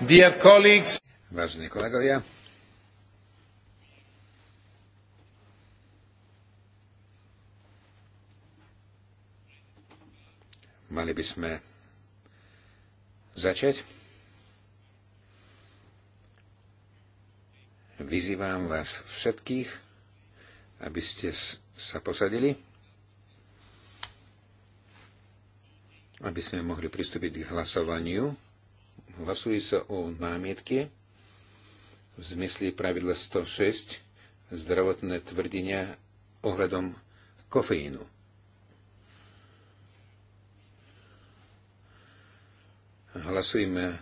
Dear colleagues. Vážení kolegovia. Mali by sme začať. Vyzývam vás všetkých, aby ste sa posadili. aby sme mohli pristúpiť k hlasovaniu. Hlasuje sa o námietke v zmysle pravidla 106 zdravotné tvrdenia ohľadom kofeínu. Hlasujeme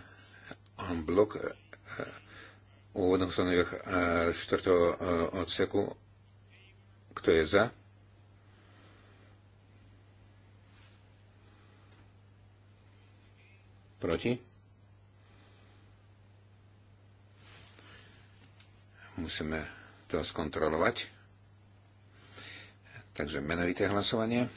en blok o eh, úvodných ustanoviach 4. Eh, eh, odseku. Kto je za? Proti? Musíme to skontrolovať. Takže menovité hlasovanie.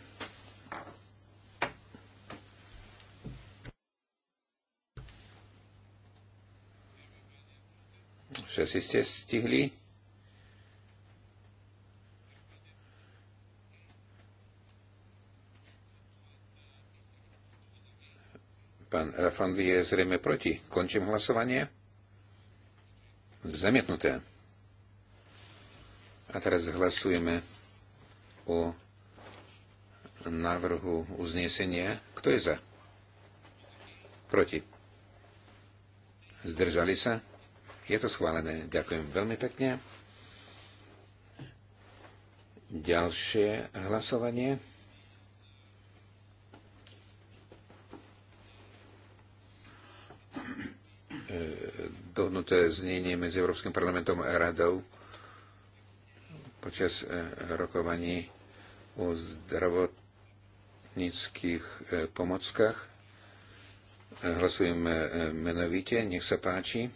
Všetci ste stihli? Pán Rafand je zrejme proti. Končím hlasovanie. Zamietnuté. A teraz hlasujeme o návrhu uznesenia. Kto je za? Proti. Zdržali sa? Je to schválené. Ďakujem veľmi pekne. Ďalšie hlasovanie. E, Dohnuté znenie medzi Európskym parlamentom a radou počas e, rokovaní o zdravotníckých e, pomockách. E, Hlasujeme menovite, nech sa páči.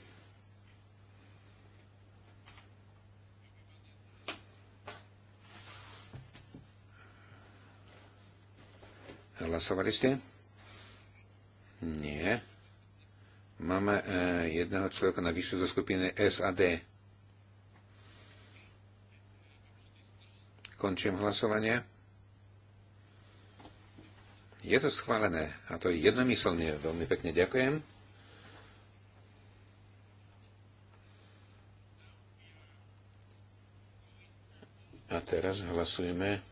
Hlasovali ste? Nie. Máme jedného človeka na vyššiu zo skupiny SAD. Končím hlasovanie. Je to schválené a to je jednomyselne. Veľmi pekne ďakujem. A teraz hlasujeme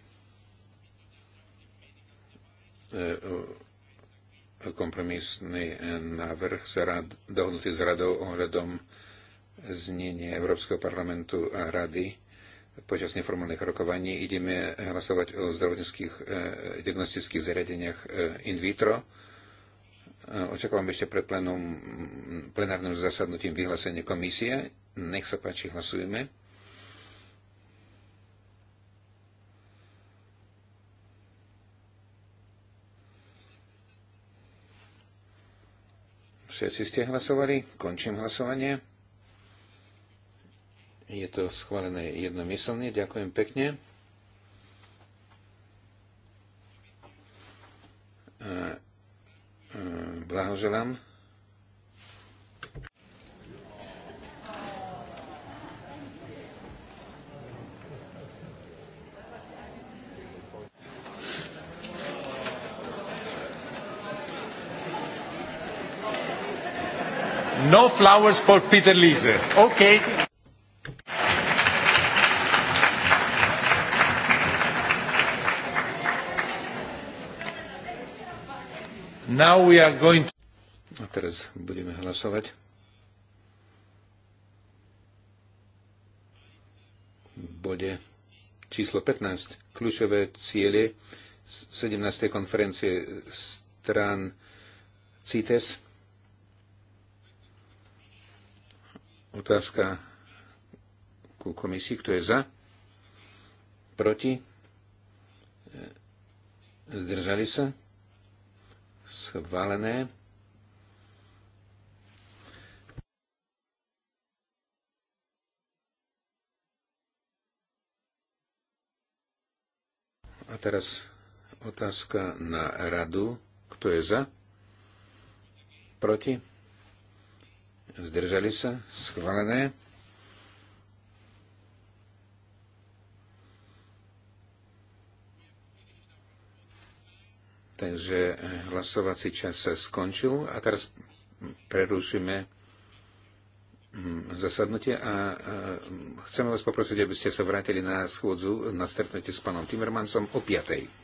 e, kompromisný e, návrh dohodnutý s radou ohľadom znenie Európskeho parlamentu a rady počas neformálnych rokovaní ideme hlasovať o zdravotnických e, diagnostických zariadeniach e, in vitro. E, očakávam ešte pred plenum, plenárnym zasadnutím vyhlásenie komisie. Nech sa páči, hlasujeme. Všetci ste hlasovali? Končím hlasovanie. Je to schválené jednomyselne. Ďakujem pekne. Blahoželám. No flowers for Peter Lise. Okay. Now we are going to... A teraz budeme hlasovať. bode číslo 15. Kľúčové ciele 17. konferencie strán CITES. Otázka ku komisii. Kto je za? Proti? Zdržali sa? schválené. A teraz otázka na radu. Kto je za? Proti? Zdržali sa? Schválené. Takže eh, hlasovací čas sa skončil a teraz prerušíme mm, zasadnutie a chceme vás poprosiť, aby ste sa vrátili na schôdzu, na stretnutie s pánom Timmermansom o 5.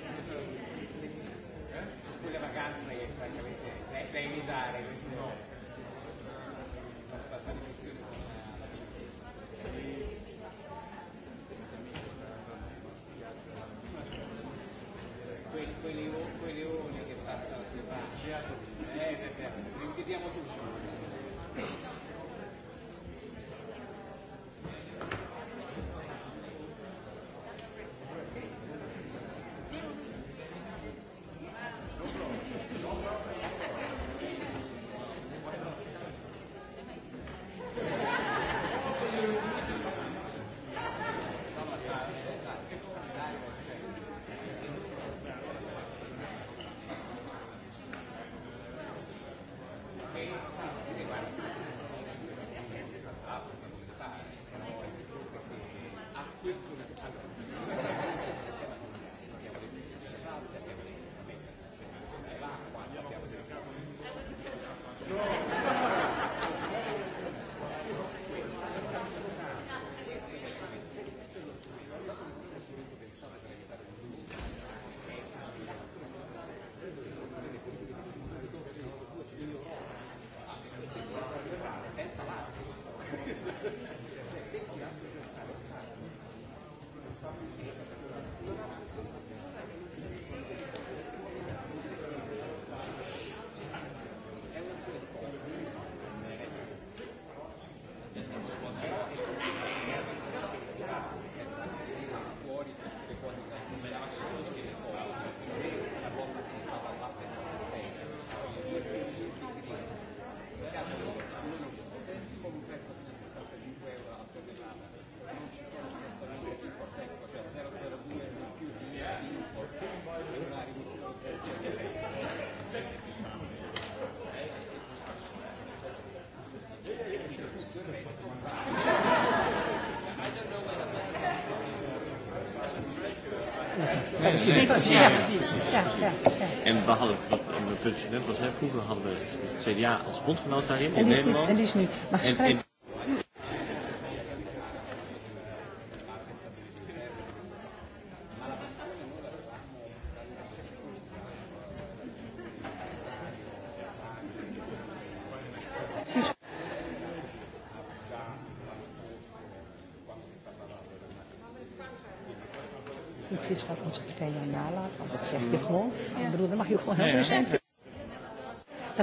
En we hadden, wat een punt was, hè, vroeger hadden we het CDA als bondgenoot daarin en in Nederland. En die is nu, maar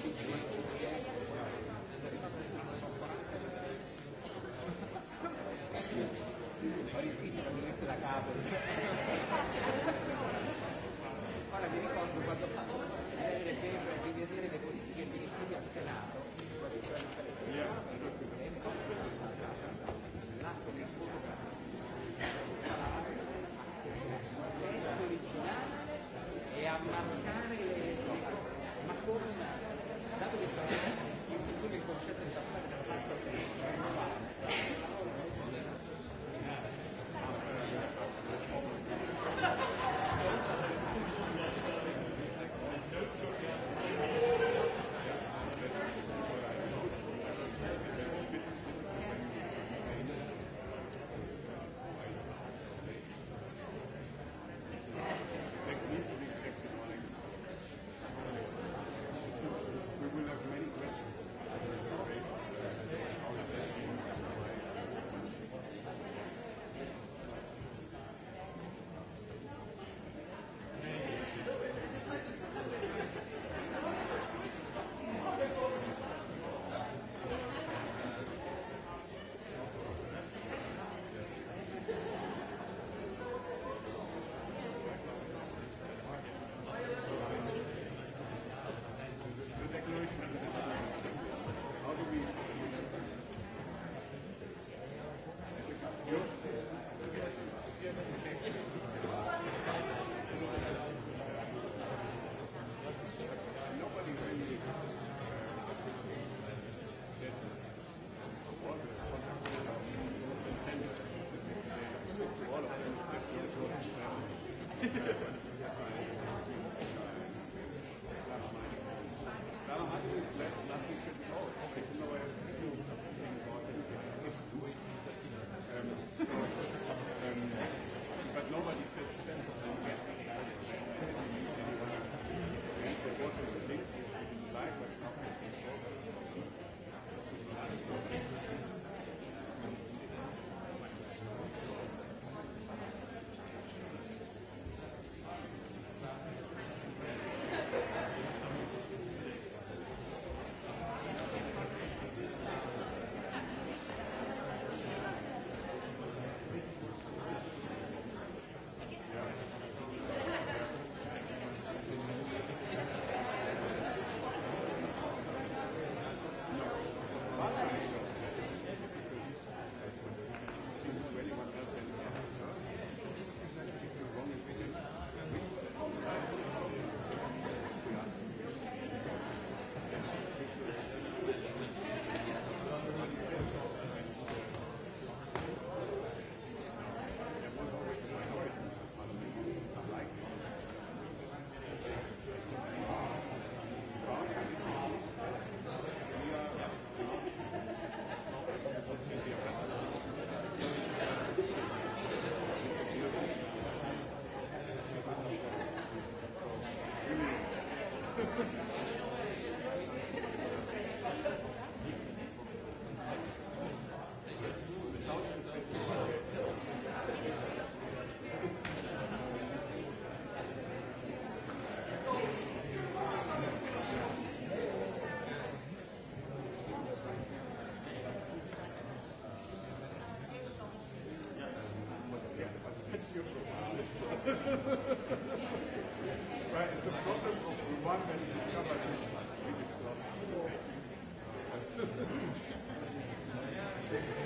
či, či, či. Thank you.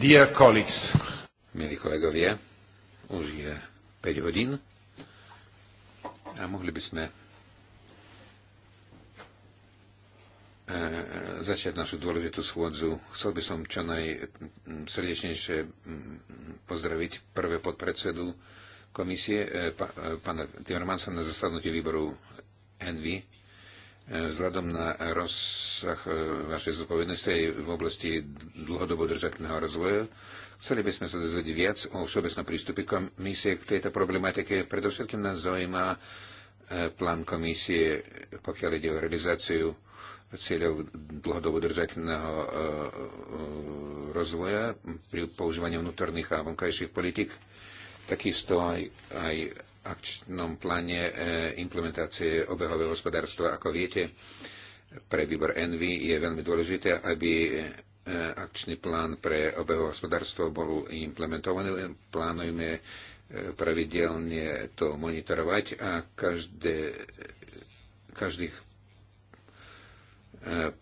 Dear colleagues. Milí kolegovia, už je 5 hodín a mohli by sme eh, začať našu dôležitú schôdzu. Chcel by som čo najsrdečnejšie mm, pozdraviť prvé podpredsedu komisie, eh, eh, pána Timmermansa na zasadnutí výboru Envy vzhľadom na rozsah e, vašej zodpovednosti aj v oblasti dlhodobo držateľného rozvoja, chceli by sme sa dozvedieť viac o všeobecnom prístupe komisie k tejto problematike. Predovšetkým nás zaujíma e, plán komisie, pokiaľ ide o realizáciu cieľov dlhodobo držateľného e, rozvoja pri používaní vnútorných a vonkajších politik. Takisto aj, aj akčnom pláne e, implementácie obehového hospodárstva. Ako viete, pre výbor Envy je veľmi dôležité, aby e, akčný plán pre obehové hospodárstvo bol implementovaný. Plánujeme e, pravidelne to monitorovať a každé, každých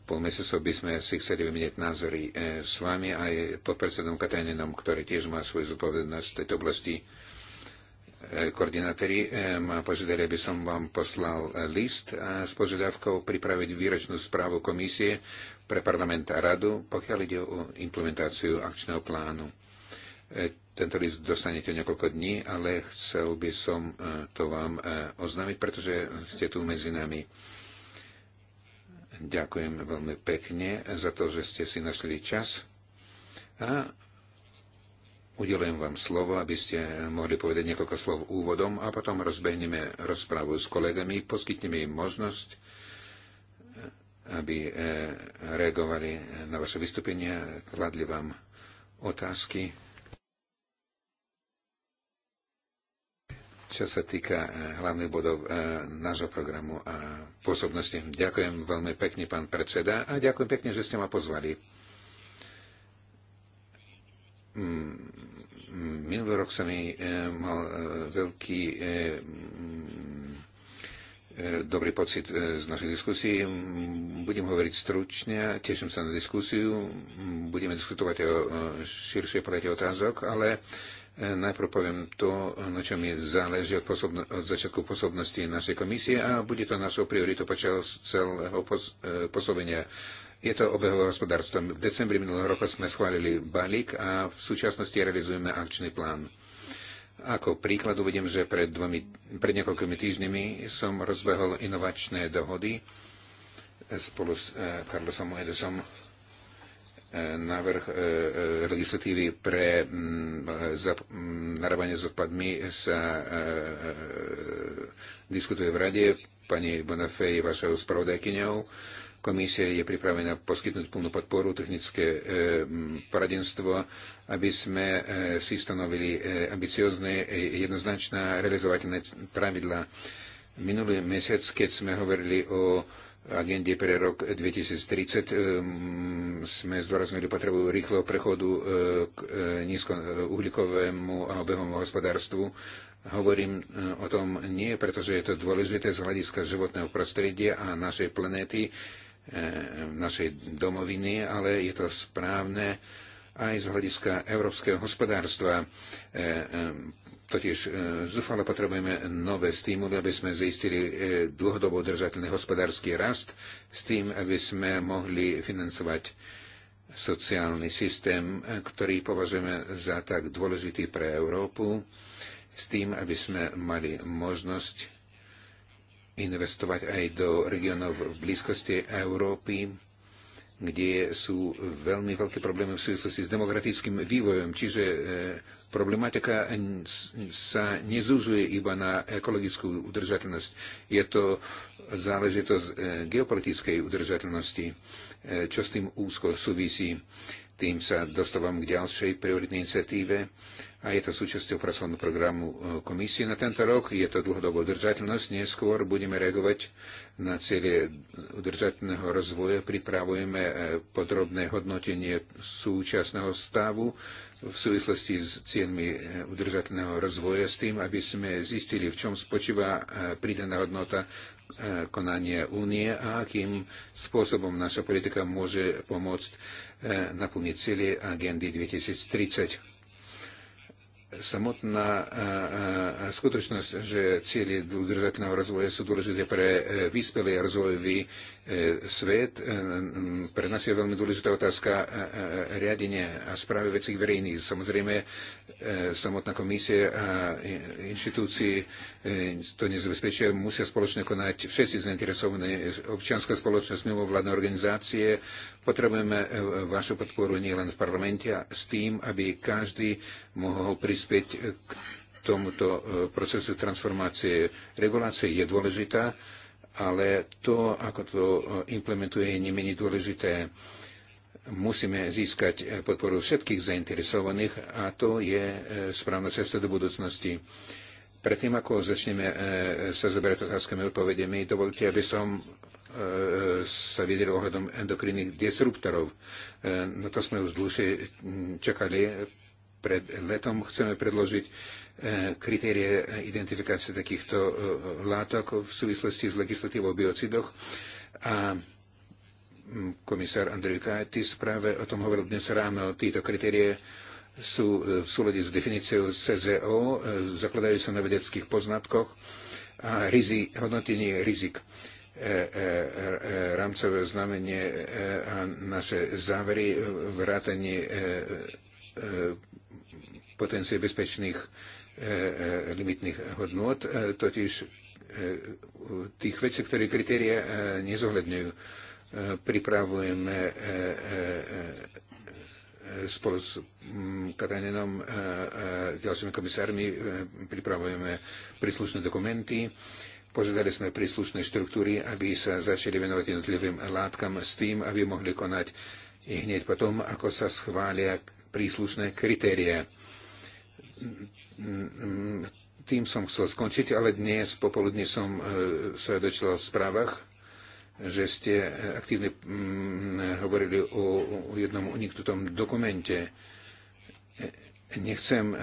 pol mesiacov by sme si chceli vymeniť názory s vami aj pod predsedom Katajninom, ktorý tiež má svoju zodpovednosť v tejto oblasti. Eh, koordinátori eh, má požiadali, aby som vám poslal eh, list s požiadavkou pripraviť výročnú správu komisie pre parlament a radu, pokiaľ ide o implementáciu akčného plánu. Tento list dostanete niekoľko dní, ale chcel by som to vám oznámiť, pretože ste tu medzi nami. Ďakujem veľmi pekne za to, že ste si našli čas. A Udelujem vám slovo, aby ste mohli povedať niekoľko slov úvodom a potom rozbehneme rozprávu s kolegami, poskytneme im možnosť, aby eh, reagovali na vaše vystúpenia, kladli vám otázky. Čo sa týka eh, hlavných bodov eh, nášho programu a pôsobnosti. Ďakujem veľmi pekne, pán predseda, a ďakujem pekne, že ste ma pozvali hmm, Minulý rok som e, mal e, veľký e, dobrý pocit z našej diskusie. Budem hovoriť stručne, teším sa na diskusiu, budeme diskutovať o širšej palete otázok, ale najprv poviem to, na čo mi záleží od, posobno, od začiatku pôsobnosti našej komisie a bude to našou prioritou počas celého pos, posobenia je to obehové hospodárstvo. V decembri minulého roka sme schválili balík a v súčasnosti realizujeme akčný plán. Ako príklad uvediem, že pred, dvomi, pred niekoľkými týždňami som rozbehol inovačné dohody spolu s eh, Carlosom Edesom eh, návrh eh, legislatívy pre mm, mm, narábanie s odpadmi sa diskutuje v rade. Pani Bonafé je vašou spravodajkyňou Komisia je pripravená poskytnúť plnú podporu, technické e, poradenstvo, aby sme e, si stanovili e, ambiciozne, jednoznačné realizovateľné pravidla. Minulý mesiac, keď sme hovorili o agende pre rok 2030 sme zdôraznili potrebu rýchleho prechodu k nízkouhlíkovému a obehovému hospodárstvu. Hovorím o tom nie, pretože je to dôležité z hľadiska životného prostredia a našej planéty, E, našej domoviny, ale je to správne aj z hľadiska európskeho hospodárstva. E, e, totiž zúfalo potrebujeme nové stimuly, aby sme zistili dlhodobo držateľný hospodársky rast s tým, aby sme mohli financovať sociálny systém, ktorý považujeme za tak dôležitý pre Európu, s tým, aby sme mali možnosť investovať aj do regionov v blízkosti Európy, kde sú veľmi veľké problémy v súvislosti s demokratickým vývojom. Čiže e, problematika sa nezúžuje iba na ekologickú udržateľnosť. Je to záležitosť e, geopolitickej udržateľnosti, e, čo s tým úzko súvisí. Tým sa dostávam k ďalšej prioritnej iniciatíve a je to súčasťou pracovného programu e, komisie na tento rok. Je to dlhodobo udržateľnosť. Neskôr budeme reagovať na cieľe udržateľného rozvoja. Pripravujeme e, podrobné hodnotenie súčasného stavu v súvislosti s cieľmi e, udržateľného rozvoja s tým, aby sme zistili, v čom spočíva pridaná hodnota konania únie a akým spôsobom naša politika môže pomôcť naplniť cieľe agendy 2030 samotná skutočnosť, že cieľe udržateľného rozvoja sú dôležité pre e, vyspelý a rozvojový E, svet. E, pre nás je veľmi dôležitá otázka e, riadenia a správy vecí verejných. Samozrejme, samotná komisie a inštitúcie to nezabezpečia. Musia spoločne konať všetci zainteresovaní, občianská spoločnosť, mimovládne organizácie. Potrebujeme vašu podporu nielen v parlamente, s tým, aby každý mohol prispieť k tomuto procesu transformácie. Regulácia je dôležitá ale to, ako to eh, implementuje, je nemení dôležité. Musíme získať eh, podporu všetkých zainteresovaných a to je eh, správna cesta do budúcnosti. Predtým, ako začneme sa zoberať otázkami odpovedemi, odpovediami, dovolte, aby som sa vyjadril ohľadom endokrinných disruptorov. Na to sme už dlhšie hm, čakali pred letom chceme predložiť E, kritérie identifikácie takýchto e, látok v súvislosti s legislatívou o biocidoch. A mm, komisár Andrej Kajtis práve o tom hovoril dnes ráno. Títo kritérie sú e, v súlade s definíciou CZO, zakladajú sa na vedeckých poznatkoch a rizi, hodnotenie rizik rámcové znamenie a naše závery, vrátanie potencie bezpečných E, e, limitných hodnot, e, totiž tých vecí, ktoré kritéria nezohľadňujú. Pripravujeme spolu s Kataninom a ďalšími komisármi pripravujeme príslušné dokumenty. Požiadali sme príslušné štruktúry, aby sa začali venovať jednotlivým látkam s tým, aby mohli konať i hneď potom, ako sa schvália príslušné kritéria tým som chcel skončiť, ale dnes popoludne som e, sa dočítal v správach, že ste aktívne mm, hovorili o, jednom uniknutom dokumente. Nechcem e,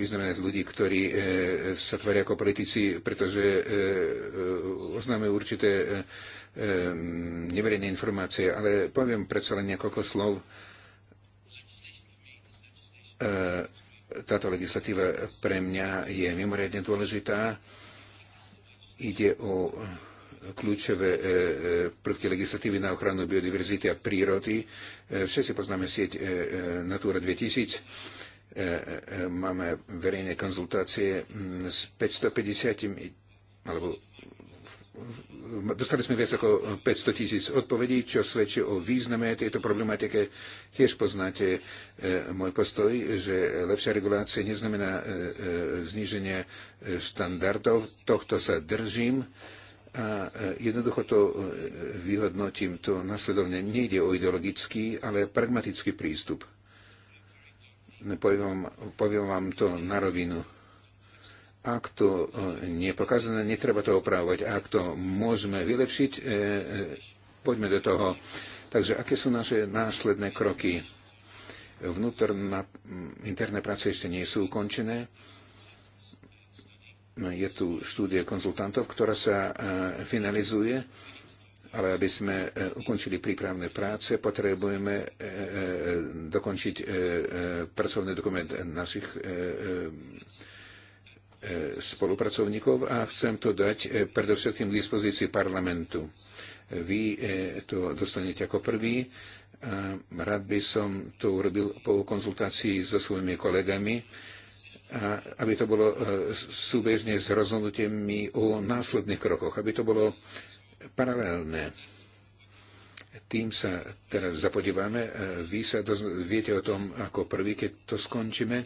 vyznamenať ľudí, ktorí e, sa tvoria ako politici, pretože oznáme určité neverejné informácie, ale poviem predsa len niekoľko slov táto legislatíva pre mňa je mimoriadne dôležitá. Ide o kľúčové e, e, prvky legislatívy na ochranu biodiverzity a prírody. E, všetci poznáme sieť Natura 2000. Máme verejné konzultácie s 550 alebo Dostali sme viac ako 500 tisíc odpovedí, čo svedčí o význame tejto problematike. Tiež poznáte e, môj postoj, že lepšia regulácia neznamená e, e, zníženie štandardov. Tohto sa držím a jednoducho to vyhodnotím. To nasledovne nejde o ideologický, ale pragmatický prístup. Poviem vám, poviem vám to na rovinu ak to e, nie je pokazané, netreba to opravovať. Ak to môžeme vylepšiť, e, e, poďme do toho. Takže aké sú naše následné kroky? Vnútorná interné práce ešte nie sú ukončené je tu štúdia konzultantov, ktorá sa finalizuje, ale aby sme ukončili prípravné práce, potrebujeme dokončiť pracovný dokument našich spolupracovníkov a chcem to dať e, predovšetkým k dispozícii parlamentu. Vy e, to dostanete ako prvý. rád by som to urobil po konzultácii so svojimi kolegami, aby to bolo e, súbežne s rozhodnutiami o následných krokoch, aby to bolo paralelné. Tým sa teraz zapodívame. Vy sa viete o tom ako prvý, keď to skončíme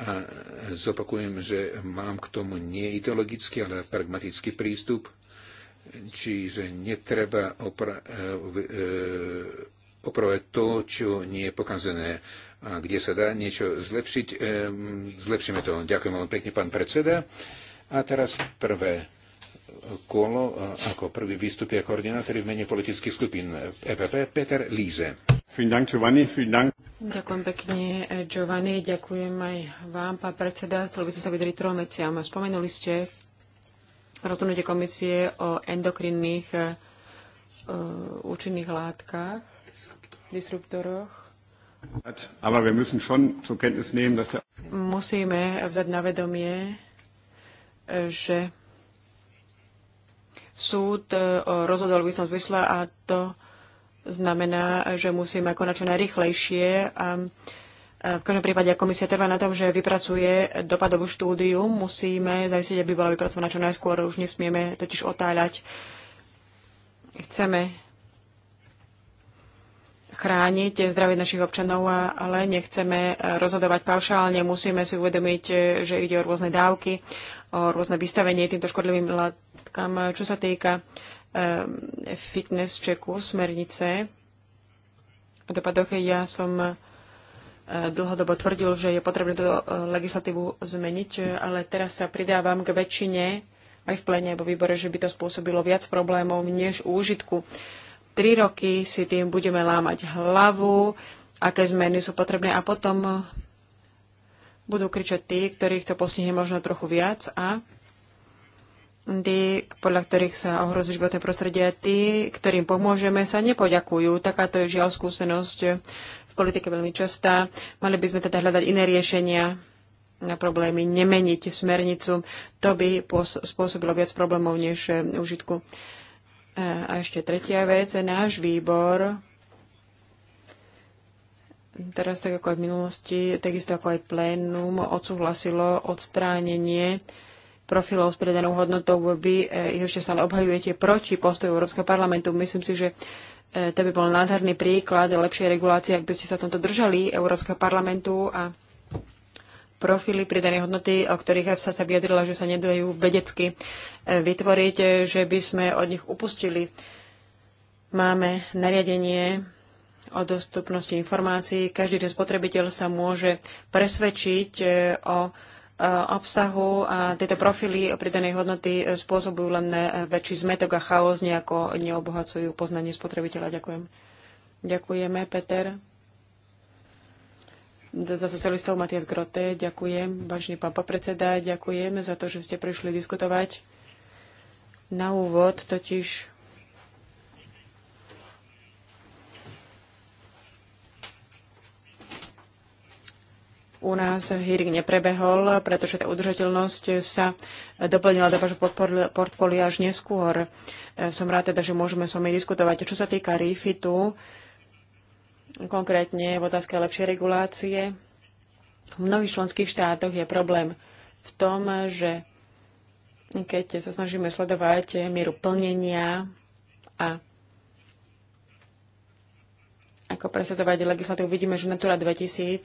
a zopakujem, že mám k tomu nie ideologický, ale pragmatický prístup, čiže netreba opra- e, e, opravať to, čo nie je pokazené. A kde sa dá niečo zlepšiť, e, zlepšíme to. Ďakujem veľmi pekne, pán predseda. A teraz prvé kolo, ako prvý výstup, je koordinátor v mene politických skupín EPP, Peter Líze. Vielen Dank, Giovanni, vielen Dank. Ďakujem pekne, Giovanni. Ďakujem aj vám, pán predseda. Chcel by som sa vydriť trom veciam. Spomenuli ste rozhodnutie komisie o endokrinných e, účinných látkach, disruptoroch. Aber wir müssen schon zur Kenntnis nehmen, dass der... Musíme vzať na vedomie, že súd eh, rozhodol v som zmysle a to znamená, že musíme konať čo najrychlejšie. A v každom prípade, ak komisia trvá na tom, že vypracuje dopadovú štúdiu, musíme zajistiť, aby bola vypracovaná čo najskôr. Už nesmieme totiž otáľať. Chceme chrániť zdravie našich občanov, ale nechceme e, rozhodovať paušálne. Musíme si uvedomiť, e, že ide o rôzne dávky, o rôzne vystavenie týmto škodlivým látkam. E, čo sa týka fitness checku smernice o dopadoch. Ja som e, dlhodobo tvrdil, že je potrebné túto e, legislatívu zmeniť, e, ale teraz sa pridávam k väčšine aj v plene alebo výbore, že by to spôsobilo viac problémov než úžitku. Tri roky si tým budeme lámať hlavu, aké zmeny sú potrebné a potom budú kričať tí, ktorých to postihne možno trochu viac a tí, podľa ktorých sa ohrozí životné prostredie, tí, ktorým pomôžeme, sa nepoďakujú. Takáto je žiaľ skúsenosť v politike veľmi častá. Mali by sme teda hľadať iné riešenia na problémy, nemeniť smernicu. To by spôsobilo viac problémov než eh, užitku. Eh, a ešte tretia vec, náš výbor teraz tak ako aj v minulosti, takisto ako aj plénum odsúhlasilo odstránenie profilov s pridanou hodnotou, vy e, ich ešte stále obhajujete proti postoju Európskeho parlamentu. Myslím si, že e, to by bol nádherný príklad lepšej regulácie, ak by ste sa v tomto držali Európskeho parlamentu a profily pridanej hodnoty, o ktorých EFSA sa vyjadrila, že sa nedajú vedecky e, vytvoriť, že by sme od nich upustili. Máme nariadenie o dostupnosti informácií. Každý ten spotrebiteľ sa môže presvedčiť o E, obsahu a tieto profily o pridanej hodnoty spôsobujú len e, väčší zmetok a chaos, nejako neobohacujú poznanie spotrebiteľa. Ďakujem. Ďakujeme, Peter. Za socialistov Matias Grote, ďakujem. Vážený pán popredseda, ďakujem za to, že ste prišli diskutovať. Na úvod totiž u nás hearing neprebehol, pretože tá udržateľnosť sa doplnila do vášho portfólia až neskôr. E, som rád teda, že môžeme s vami diskutovať. Čo sa týka REFITu, konkrétne v otázke lepšej regulácie, v mnohých členských štátoch je problém v tom, že keď sa snažíme sledovať mieru plnenia a ako presadovať legislatívu, vidíme, že Natura 2000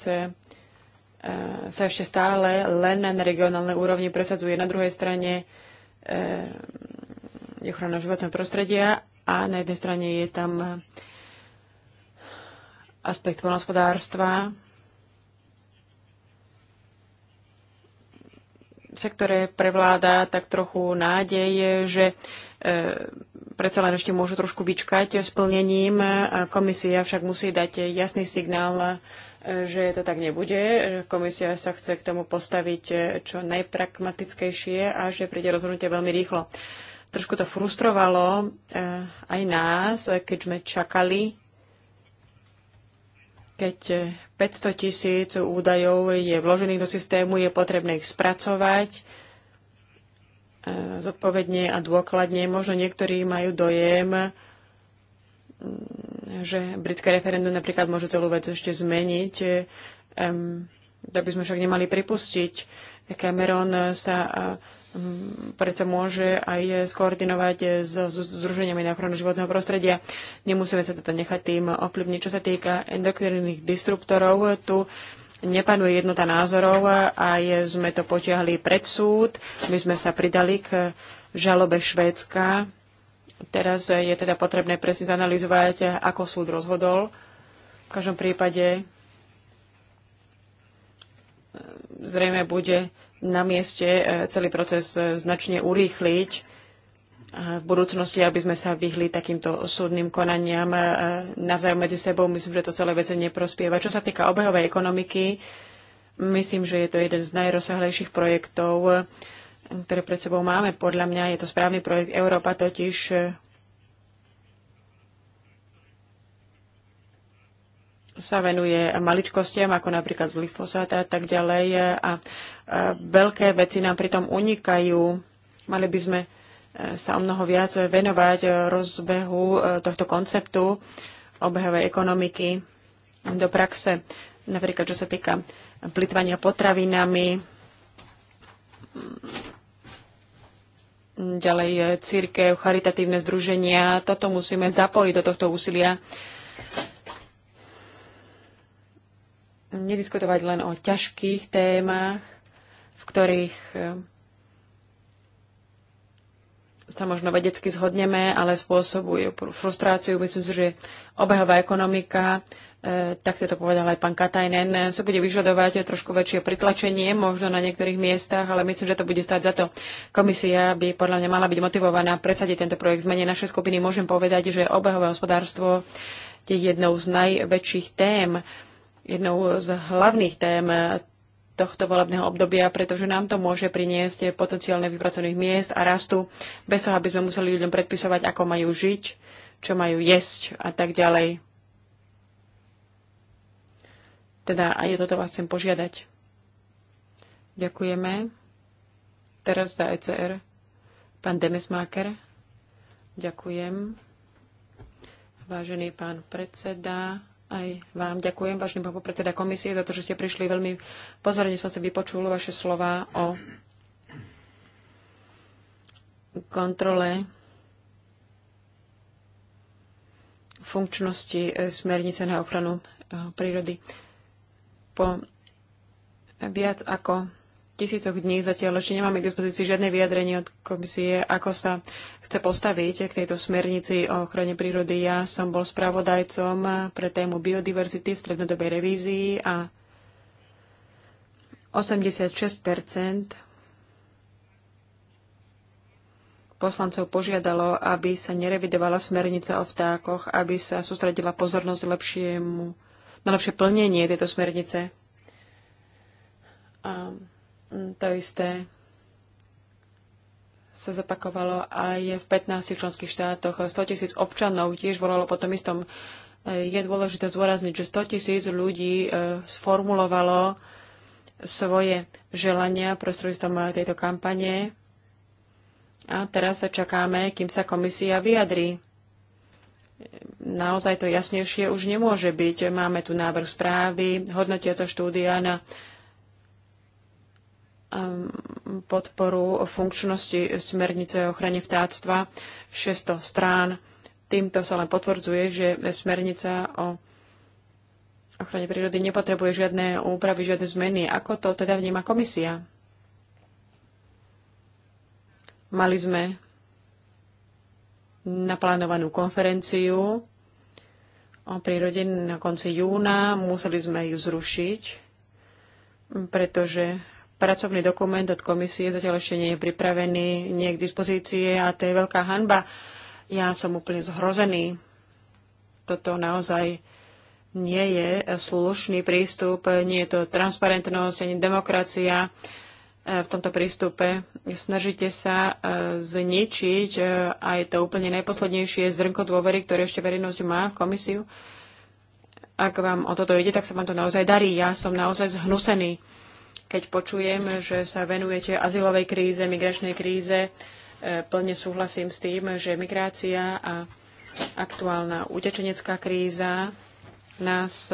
E, sa ešte stále len na regionálnej úrovni presadzuje. Na druhej strane e, je ochrana životného prostredia a na jednej strane je tam aspekt voľnohospodárstva, v sektore prevláda tak trochu nádej, že e, predsa len ešte môžu trošku vyčkať splnením. Komisia však musí dať jasný signál že to tak nebude. Komisia sa chce k tomu postaviť eh, čo najpragmatickejšie a že príde rozhodnutie veľmi rýchlo. Trošku to frustrovalo eh, aj nás, eh, keď sme čakali, keď 500 tisíc údajov je vložených do systému, je potrebné ich spracovať zodpovedne a dôkladne. Možno niektorí majú dojem, mm, že britské referendum napríklad môže celú vec ešte zmeniť. Um, to by sme však nemali pripustiť. Cameron sa um, predsa môže aj skoordinovať s, eh, s združeniami na ochranu životného prostredia. Nemusíme sa teda nechať tým ovplyvniť. Čo sa týka endokrinných disruptorov, tu nepanuje jednota názorov a sme to potiahli pred súd. My sme sa pridali k žalobe Švédska Teraz eh, je teda potrebné presne zanalizovať, eh, ako súd rozhodol. V každom prípade eh, zrejme bude na mieste celý proces značne urýchliť v budúcnosti, aby sme sa vyhli takýmto súdnym konaniam navzájom medzi sebou. Myslím, že to celé vece neprospieva. Čo sa týka obehovej ekonomiky, myslím, že je to jeden z najrozsahlejších projektov, ktoré pred sebou máme. Podľa mňa je to správny projekt. Európa totiž e, sa venuje maličkostiam, ako napríklad glyfosát a tak ďalej. E, a e, veľké veci nám pritom unikajú. Mali by sme sa o mnoho viac venovať rozbehu tohto konceptu obehovej ekonomiky do praxe. Napríklad, čo sa týka plitvania potravinami, ďalej církev, charitatívne združenia. Toto musíme zapojiť do tohto úsilia. Nediskutovať len o ťažkých témach, v ktorých eh, sa možno vedecky zhodneme, ale spôsobujú frustráciu. Myslím si, že obehová ekonomika E, tak to povedal aj pán Katajnen, sa bude vyžadovať trošku väčšie pritlačenie, možno na niektorých miestach, ale myslím, že to bude stáť za to. Komisia by podľa mňa mala byť motivovaná presadiť tento projekt. V mene našej skupiny môžem povedať, že obehové hospodárstvo je jednou z najväčších tém, jednou z hlavných tém tohto volebného obdobia, pretože nám to môže priniesť potenciálne vypracovaných miest a rastu, bez toho, aby sme museli ľuďom predpisovať, ako majú žiť, čo majú jesť a tak ďalej. Teda aj o toto vás chcem požiadať. Ďakujeme. Teraz za ECR. Pán Demesmáker. Ďakujem. Vážený pán predseda, aj vám ďakujem, vážený pán predseda komisie, za to, že ste prišli veľmi pozorne, som si vypočul vaše slova o kontrole funkčnosti e, smernice na ochranu e, prírody. Po viac ako tisícoch dní zatiaľ ešte nemáme k dispozícii žiadne vyjadrenie od komisie, ako sa chce postaviť k tejto smernici o ochrane prírody. Ja som bol spravodajcom pre tému biodiverzity v strednodobej revízii a 86 poslancov požiadalo, aby sa nerevidovala smernica o vtákoch, aby sa sústredila pozornosť lepšiemu na lepšie plnenie tejto smernice. A mm, to isté sa zapakovalo aj v 15 členských štátoch. 100 tisíc občanov tiež volalo po tom istom. E, je dôležité zdôrazniť, že 100 tisíc ľudí e, sformulovalo svoje želania prostredstvom e, tejto kampane. A teraz sa čakáme, kým sa komisia vyjadrí naozaj to jasnejšie už nemôže byť. Máme tu návrh správy, hodnotiaca štúdia na um, podporu funkčnosti smernice o ochrane vtáctva 600 strán. Týmto sa len potvrdzuje, že smernica o ochrane prírody nepotrebuje žiadne úpravy, žiadne zmeny. Ako to teda vníma komisia? Mali sme naplánovanú konferenciu o prírode na konci júna. Museli sme ju zrušiť, pretože pracovný dokument od komisie zatiaľ ešte nie je pripravený, nie je k dispozícii a to je veľká hanba. Ja som úplne zhrozený. Toto naozaj nie je slušný prístup, nie je to transparentnosť ani demokracia. Eh, v tomto prístupe. Snažíte sa eh, zničiť eh, aj to úplne najposlednejšie zrnko dôvery, ktoré ešte verejnosť má v komisiu. Ak vám o toto ide, tak sa vám to naozaj darí. Ja som naozaj zhnusený, keď počujem, že sa venujete azylovej kríze, migračnej kríze. Plne súhlasím s tým, že migrácia a aktuálna utečenecká kríza nás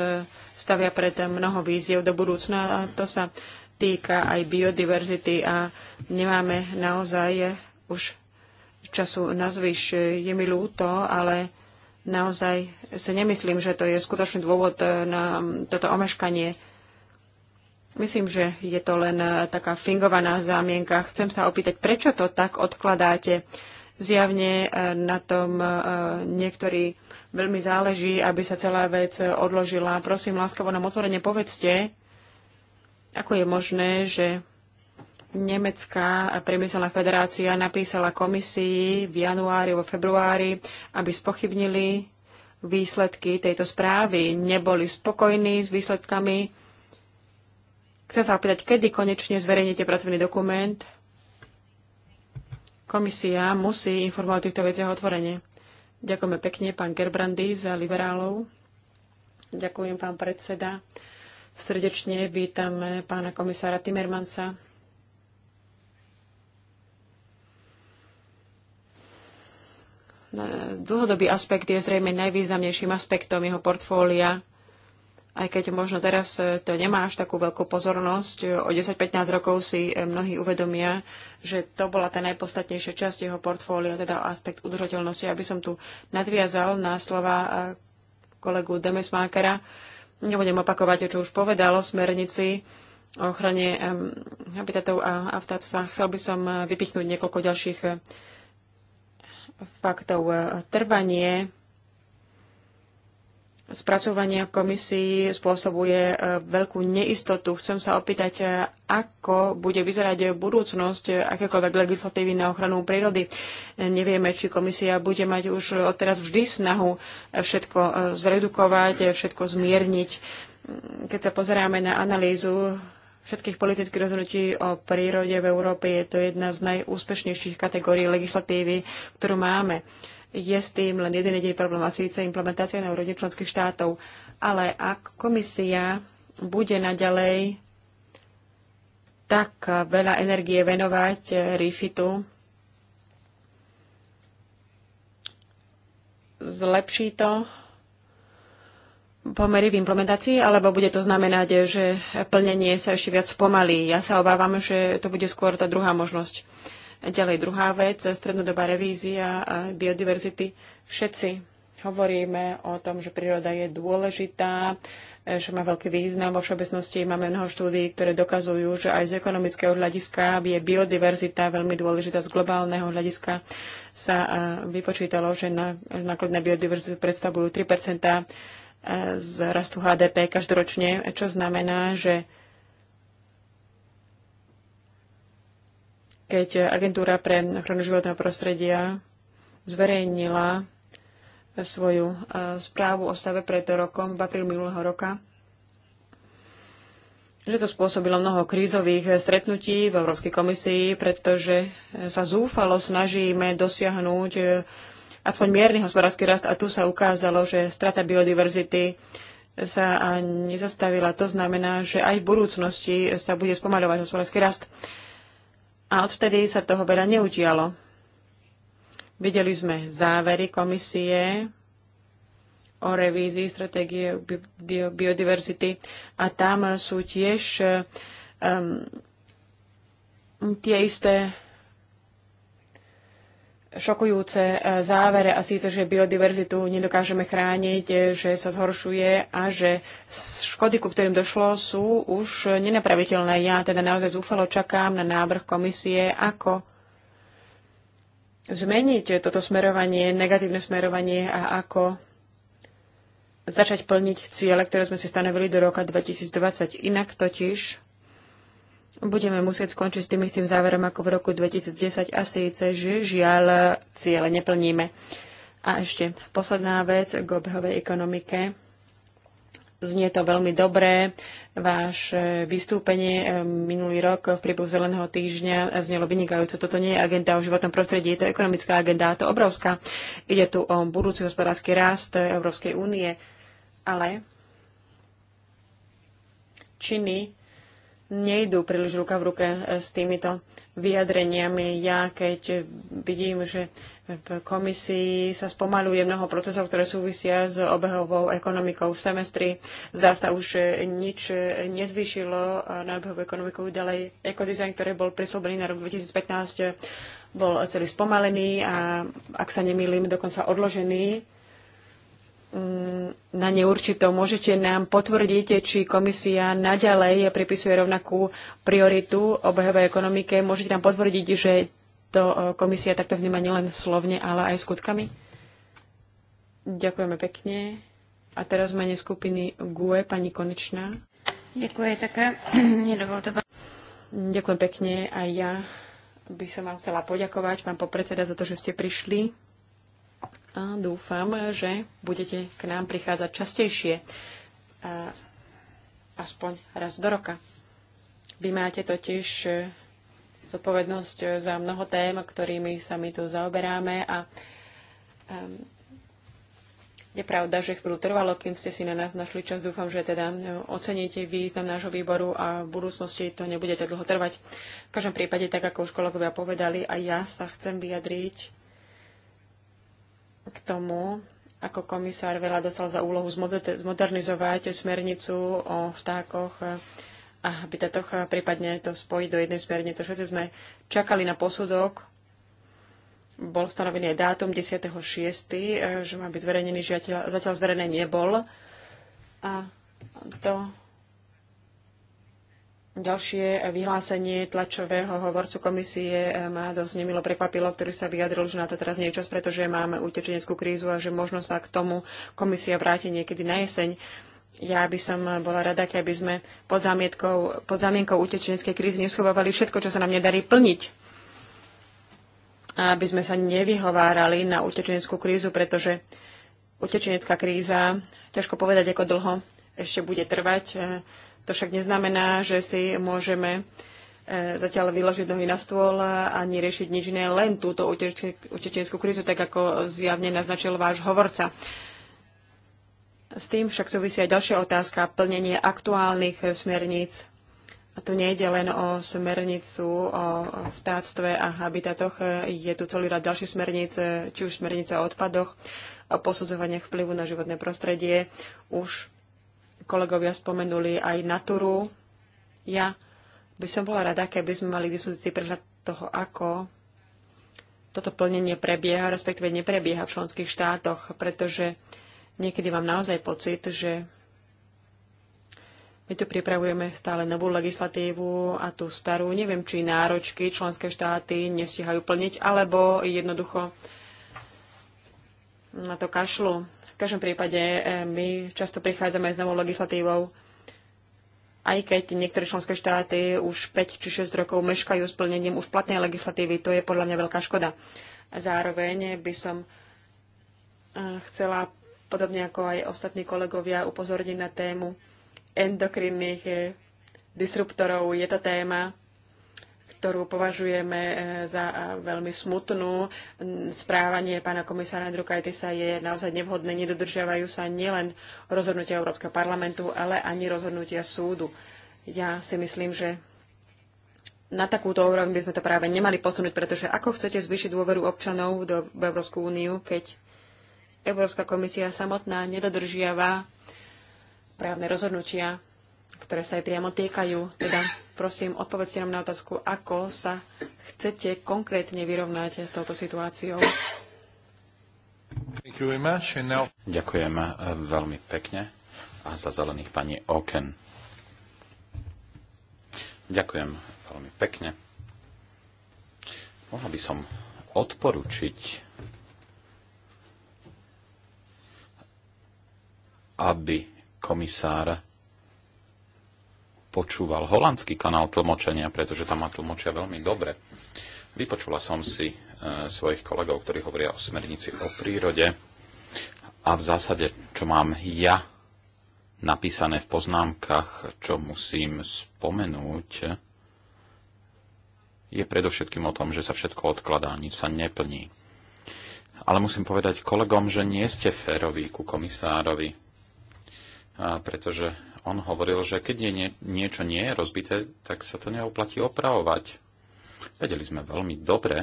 stavia pred mnoho víziev do budúcna a to sa týka aj biodiverzity a nemáme naozaj už času na zvyš. Je mi ľúto, ale naozaj si nemyslím, že to je skutočný dôvod na toto omeškanie. Myslím, že je to len taká fingovaná zámienka. Chcem sa opýtať, prečo to tak odkladáte? Zjavne eh, na tom eh, niektorí veľmi záleží, aby sa celá vec odložila. Prosím, láskavo nám otvorene povedzte, ako je možné, že Nemecká priemyselná federácia napísala komisii v januári vo februári, aby spochybnili výsledky tejto správy. Neboli spokojní s výsledkami. Chcem sa opýtať, kedy konečne zverejníte pracovný dokument? Komisia musí informovať o týchto veciach otvorene. Ďakujeme pekne, pán Gerbrandy, za liberálov. Ďakujem, pán predseda. Srdečne vítame pána komisára Timmermansa. Dlhodobý aspekt je zrejme najvýznamnejším aspektom jeho portfólia, aj keď možno teraz eh, to nemá až takú veľkú pozornosť. O 10-15 rokov si eh, mnohí uvedomia, že to bola tá najpodstatnejšia časť jeho portfólia, teda aspekt udržateľnosti. Aby som tu nadviazal na slova eh, kolegu Demesmákera, Nebudem opakovať, čo už povedal o smernici o ochrane habitatov a, a vtáctva. Chcel by som eh, vypichnúť niekoľko ďalších eh, faktov. Eh, trvanie spracovania komisii spôsobuje e, veľkú neistotu. Chcem sa opýtať, e, ako bude vyzerať budúcnosť akékoľvek legislatívy na ochranu prírody. E, nevieme, či komisia bude mať už odteraz vždy snahu všetko zredukovať, všetko zmierniť. Mm, keď sa pozeráme na analýzu všetkých politických rozhodnutí o prírode v Európe, je to jedna z najúspešnejších kategórií legislatívy, ktorú máme. Je s tým len jeden jediný problém, a síce implementácia na úrovni členských štátov. Ale ak komisia bude naďalej tak veľa energie venovať eh, RIFITu, zlepší to pomery v implementácii, alebo bude to znamenať, eh, že plnenie sa ešte viac spomalí. Ja sa obávam, že to bude skôr tá druhá možnosť. Ďalej druhá vec, strednodobá revízia biodiverzity. Všetci hovoríme o tom, že príroda je dôležitá, e, že má veľký význam. Vo všeobecnosti máme mnoho štúdií, ktoré dokazujú, že aj z ekonomického hľadiska je biodiverzita veľmi dôležitá. Z globálneho hľadiska sa e, vypočítalo, že nákladné na biodiverzitu predstavujú 3 e, z rastu HDP každoročne, čo znamená, že keď agentúra pre ochranu životného prostredia zverejnila svoju e, správu o stave pred rokom, v apríli minulého roka, že to spôsobilo mnoho krízových stretnutí v Európskej komisii, pretože sa zúfalo snažíme dosiahnuť e, aspoň mierny hospodársky rast a tu sa ukázalo, že strata biodiverzity sa nezastavila. To znamená, že aj v budúcnosti sa bude spomaľovať hospodársky rast. A odtedy sa toho veľa neudialo. Videli sme závery komisie o revízii stratégie biodiverzity a tam sú tiež um, tie isté šokujúce e, závere a síce, že biodiverzitu nedokážeme chrániť, e, že sa zhoršuje a že škody, ku ktorým došlo, sú už nenapraviteľné. Ja teda naozaj zúfalo čakám na návrh komisie, ako zmeniť toto smerovanie, negatívne smerovanie a ako začať plniť ciele, ktoré sme si stanovili do roka 2020. Inak totiž budeme musieť skončiť s tým istým záverom ako v roku 2010 a síce, že žiaľ ciele neplníme. A ešte posledná vec k obehovej ekonomike. Znie to veľmi dobré. Váš vystúpenie eh, minulý rok v priebehu zeleného týždňa znelo vynikajúco. Toto nie je agenda o životnom prostredí, je to ekonomická agenda, je to obrovská. Ide tu o budúci hospodársky rast Európskej únie, ale činy nejdú príliš ruka v ruke eh, s týmito vyjadreniami. Ja keď vidím, že v komisii sa spomaluje mnoho procesov, ktoré súvisia s obehovou ekonomikou v semestri, zdá sa už nič nezvyšilo eh, na obehovú ekonomiku. Ďalej ekodizajn, ktorý bol prislúbený na rok 2015, bol celý spomalený a ak sa nemýlim, dokonca odložený Mm, na neurčito. Môžete nám potvrdiť, či komisia naďalej pripisuje rovnakú prioritu obehovej ekonomike. Môžete nám potvrdiť, že to e, komisia takto vníma nielen slovne, ale aj skutkami? Ďakujeme pekne. A teraz v mene skupiny GUE, pani Konečná. Ďakujem také. Nedovolte vám. Ďakujem pekne. A ja by som vám chcela poďakovať, pán popredseda, za to, že ste prišli a dúfam, že budete k nám prichádzať častejšie, aspoň raz do roka. Vy máte totiž e, zodpovednosť e, za mnoho tém, ktorými sa my tu zaoberáme a je pravda, že chvíľu trvalo, kým ste si na nás našli čas. Dúfam, že teda e, oceníte význam nášho výboru a v budúcnosti to nebudete dlho trvať. V každom prípade, tak ako už kolegovia povedali, aj ja sa chcem vyjadriť k tomu, ako komisár veľa dostal za úlohu zmodernizovať smernicu o vtákoch a táto prípadne to spojiť do jednej smernice. Všetci sme čakali na posudok, bol stanovený aj dátum 10.6., eh, že má byť zverejnený, žiaľ, zatiaľ zverejnený nebol. A to Ďalšie vyhlásenie tlačového hovorcu komisie eh, ma dosť nemilo prekvapilo, ktorý sa vyjadril, že na to teraz nie je čas, pretože máme utečeneckú krízu a že možno sa k tomu komisia vráti niekedy na jeseň. Ja by som bola rada, keby sme pod, zamietkou, pod zamienkou utečeneckej krízy neschovávali všetko, čo sa nám nedarí plniť. Aby sme sa nevyhovárali na utečeneckú krízu, pretože utečenecká kríza, ťažko povedať, ako dlho ešte bude trvať, eh, to však neznamená, že si môžeme e, zatiaľ vyložiť nohy na stôl a neriešiť nič iné, len túto utečenskú krízu, tak ako zjavne naznačil váš hovorca. S tým však súvisí aj ďalšia otázka, plnenie aktuálnych smerníc. A tu nejde len o smernicu o vtáctve a habitatoch, je tu celý rad ďalších smerníc, či už smernica o odpadoch, o posudzovaniach vplyvu na životné prostredie, už Kolegovia spomenuli aj Naturu. Ja by som bola rada, keby sme mali k dispozícii prehľad toho, ako toto plnenie prebieha, respektíve neprebieha v členských štátoch, pretože niekedy mám naozaj pocit, že my tu pripravujeme stále novú legislatívu a tú starú. Neviem, či náročky členské štáty nestihajú plniť, alebo jednoducho na to kašlu každom prípade e, my často prichádzame s novou legislatívou, aj keď niektoré členské štáty už 5 či 6 rokov meškajú s plnením už platnej legislatívy. To je podľa mňa veľká škoda. Zároveň by som e, chcela, podobne ako aj ostatní kolegovia, upozorniť na tému endokrinných e, disruptorov. Je to téma, ktorú považujeme e, za e, veľmi smutnú. Správanie pána komisára Andrukajtisa je naozaj nevhodné. Nedodržiavajú sa nielen rozhodnutia Európskeho parlamentu, ale ani rozhodnutia súdu. Ja si myslím, že na takúto úroveň by sme to práve nemali posunúť, pretože ako chcete zvýšiť dôveru občanov do Európsku úniu, keď Európska komisia samotná nedodržiava právne rozhodnutia, ktoré sa aj priamo týkajú. Teda prosím, odpovedzte nám na otázku, ako sa chcete konkrétne vyrovnať s touto situáciou. Now... Ďakujem eh, veľmi pekne a za zelených pani Oken. Ďakujem veľmi pekne. Mohla by som odporučiť, aby komisár počúval holandský kanál tlmočenia, pretože tam ma tlmočia veľmi dobre. Vypočula som si e, svojich kolegov, ktorí hovoria o smernici o prírode a v zásade, čo mám ja napísané v poznámkach, čo musím spomenúť, je predovšetkým o tom, že sa všetko odkladá, nič sa neplní. Ale musím povedať kolegom, že nie ste féroví ku komisárovi, pretože on hovoril, že keď nie, niečo nie je rozbité, tak sa to neoplatí opravovať. Vedeli sme veľmi dobre,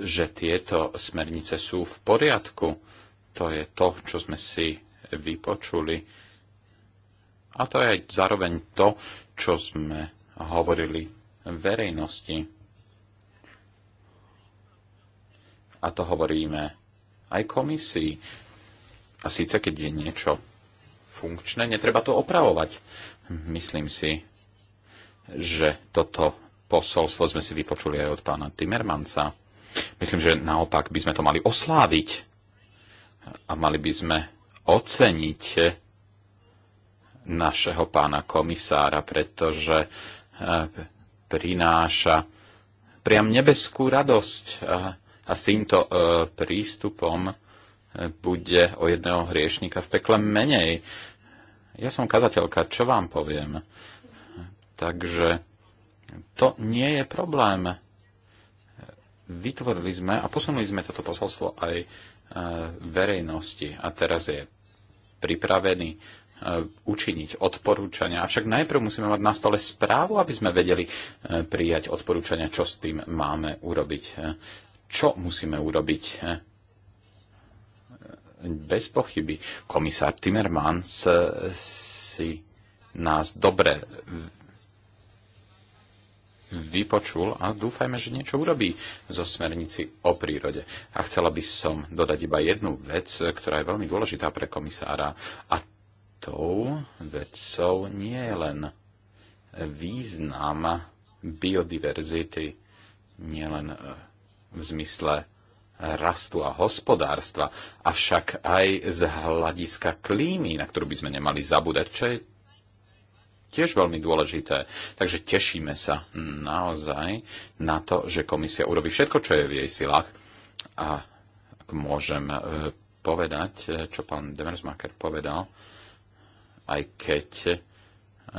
že tieto smernice sú v poriadku. To je to, čo sme si vypočuli. A to je aj zároveň to, čo sme hovorili verejnosti. A to hovoríme aj komisii. A síce, keď je niečo funkčné, netreba to opravovať. Myslím si, že toto posolstvo sme si vypočuli aj od pána Timmermansa. Myslím, že naopak by sme to mali osláviť a mali by sme oceniť našeho pána komisára, pretože eh, prináša priam nebeskú radosť a, a s týmto eh, prístupom eh, bude o jedného hriešnika v pekle menej. Ja som kazateľka, čo vám poviem? Takže to nie je problém. Vytvorili sme a posunuli sme toto posolstvo aj e, verejnosti a teraz je pripravený e, učiniť odporúčania. Avšak najprv musíme mať na stole správu, aby sme vedeli e, prijať odporúčania, čo s tým máme urobiť. Čo musíme urobiť bez pochyby. Komisár Timmermans eh, si nás dobre vypočul a dúfajme, že niečo urobí zo smernici o prírode. A chcela by som dodať iba jednu vec, ktorá je veľmi dôležitá pre komisára a tou vecou nie je len význam biodiverzity, nie len eh, v zmysle rastu a hospodárstva, avšak aj z hľadiska klímy, na ktorú by sme nemali zabúdať, čo je tiež veľmi dôležité. Takže tešíme sa naozaj na to, že komisia urobí všetko, čo je v jej silách. A ak môžem e, povedať, e, čo pán Demersmaker povedal, aj keď e,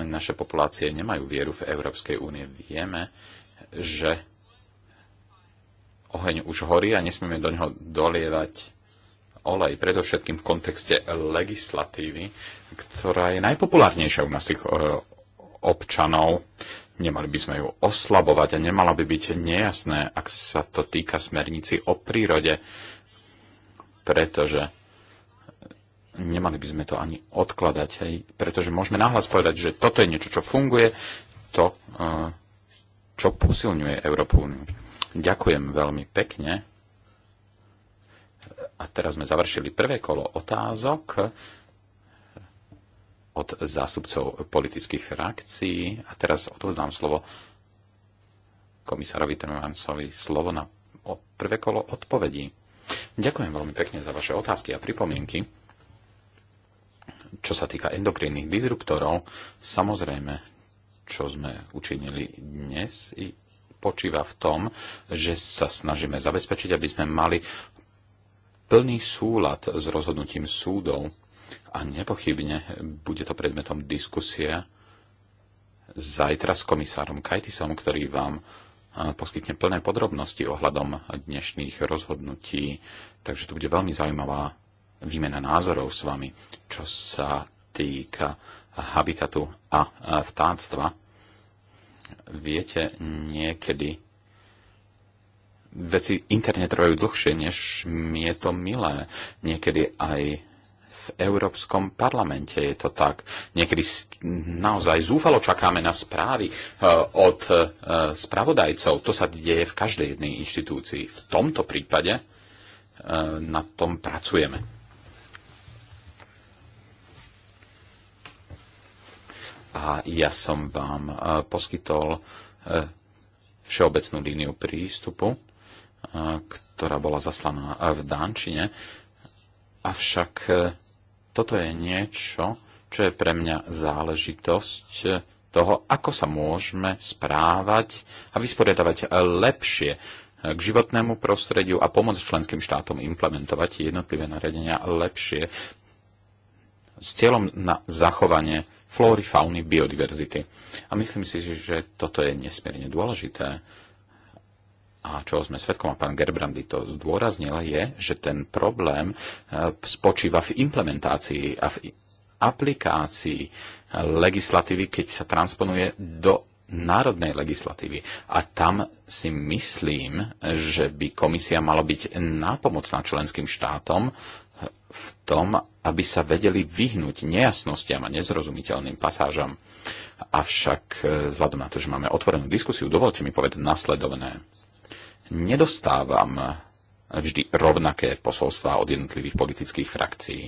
naše populácie nemajú vieru v Európskej únie, vieme, že oheň už horí a nesmieme do neho dolievať olej, predovšetkým v kontexte legislatívy, ktorá je najpopulárnejšia u nás tých e, občanov. Nemali by sme ju oslabovať a nemala by byť nejasné, ak sa to týka smernici o prírode, pretože nemali by sme to ani odkladať, hej, pretože môžeme náhlas povedať, že toto je niečo, čo funguje, to, e, čo posilňuje Európu úniu. Ďakujem veľmi pekne. A teraz sme završili prvé kolo otázok od zástupcov politických frakcií. A teraz odovzdám slovo komisárovi Trmancovi slovo na prvé kolo odpovedí. Ďakujem veľmi pekne za vaše otázky a pripomienky. Čo sa týka endokrinných disruptorov, samozrejme, čo sme učinili dnes, spočíva v tom, že sa snažíme zabezpečiť, aby sme mali plný súlad s rozhodnutím súdov a nepochybne bude to predmetom diskusie zajtra s komisárom Kajtisom, ktorý vám poskytne plné podrobnosti ohľadom dnešných rozhodnutí. Takže to bude veľmi zaujímavá výmena názorov s vami, čo sa týka habitatu a vtáctva viete, niekedy veci interne trvajú dlhšie, než mi je to milé. Niekedy aj v Európskom parlamente je to tak. Niekedy naozaj zúfalo čakáme na správy eh, od eh, spravodajcov. To sa deje v každej jednej inštitúcii. V tomto prípade eh, na tom pracujeme. a ja som vám e, poskytol e, všeobecnú líniu prístupu, e, ktorá bola zaslaná v Dánčine. Avšak toto je niečo, čo je pre mňa záležitosť toho, ako sa môžeme správať a vysporiadavať lepšie k životnému prostrediu a pomôcť členským štátom implementovať jednotlivé nariadenia lepšie s cieľom na zachovanie flóry, fauny, biodiverzity. A myslím si, že toto je nesmierne dôležité. A čo sme svetkom, a pán Gerbrandy to zdôraznil, je, že ten problém eh, spočíva v implementácii a v aplikácii legislatívy, keď sa transponuje do národnej legislatívy. A tam si myslím, že by komisia mala byť nápomocná členským štátom v tom, aby sa vedeli vyhnúť nejasnostiam a nezrozumiteľným pasážam. Avšak e, vzhľadom na to, že máme otvorenú diskusiu, dovolte mi povedať nasledovné. Nedostávam vždy rovnaké posolstvá od jednotlivých politických frakcií.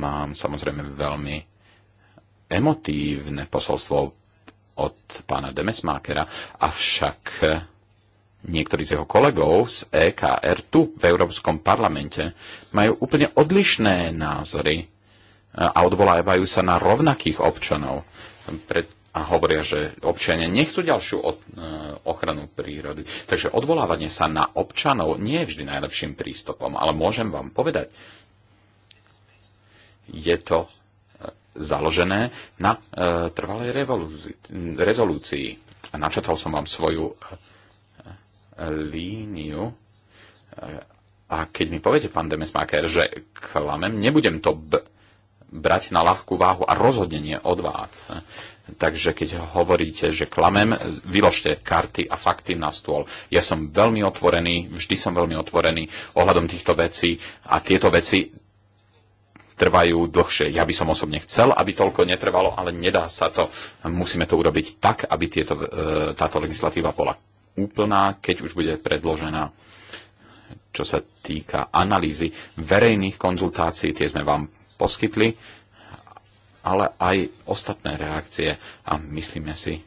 Mám samozrejme veľmi emotívne posolstvo od pána Demesmákera, avšak niektorí z jeho kolegov z EKR tu v Európskom parlamente majú úplne odlišné názory e, a odvolávajú sa na rovnakých občanov a hovoria, že občania nechcú ďalšiu e, ochranu prírody. Takže odvolávanie sa na občanov nie je vždy najlepším prístupom, ale môžem vám povedať, je to e, založené na trvalej rezolúcii. A načatal som vám svoju líniu a keď mi poviete, pán Demesmaker, že klamem, nebudem to brať na ľahkú váhu a rozhodnenie od vás. Takže keď hovoríte, že klamem, vyložte karty a fakty na stôl. Ja som veľmi otvorený, vždy som veľmi otvorený ohľadom týchto vecí a tieto veci trvajú dlhšie. Ja by som osobne chcel, aby toľko netrvalo, ale nedá sa to. Musíme to urobiť tak, aby tieto, e, táto legislatíva bola úplná, keď už bude predložená. Čo sa týka analýzy verejných konzultácií, tie sme vám poskytli, ale aj ostatné reakcie a myslíme si,